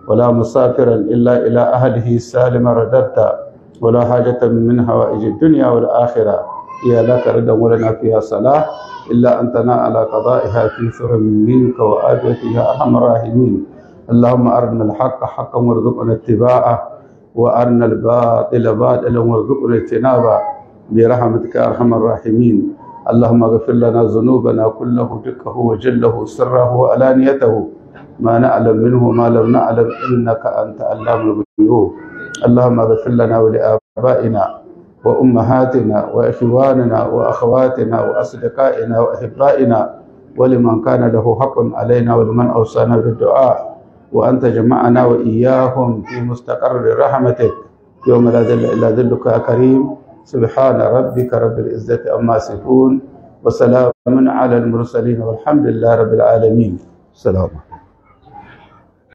Speaker 3: ولا مسافرا إلا إلى أهله السالم رددته ولا حاجة من هوائج الدنيا والآخرة يا لك ردا ولنا فيها صلاة إلا أن تنال قضائها في سر منك وآجلة يا أرحم الراحمين اللهم أرنا الحق حقا وارزقنا اتباعه وأرنا الباطل باطلا وارزقنا اجتنابه
Speaker 1: برحمتك يا أرحم الراحمين اللهم اغفر لنا ذنوبنا كله دكه وجله سره وألانيته
Speaker 3: ما نعلم منه ما لم نعلم إنك أنت علام الغيوب اللهم اغفر لنا ولآبائنا وأمهاتنا وإخواننا وأخواتنا وأصدقائنا وأحبائنا ولمن كان له حق علينا ولمن أوصانا بالدعاء وأنت جمعنا وإياهم في مستقر رحمتك يوم لا ذل إلا ذلك يا كريم سبحان ربك رب العزة عما يصفون وسلام على المرسلين والحمد لله رب العالمين سلام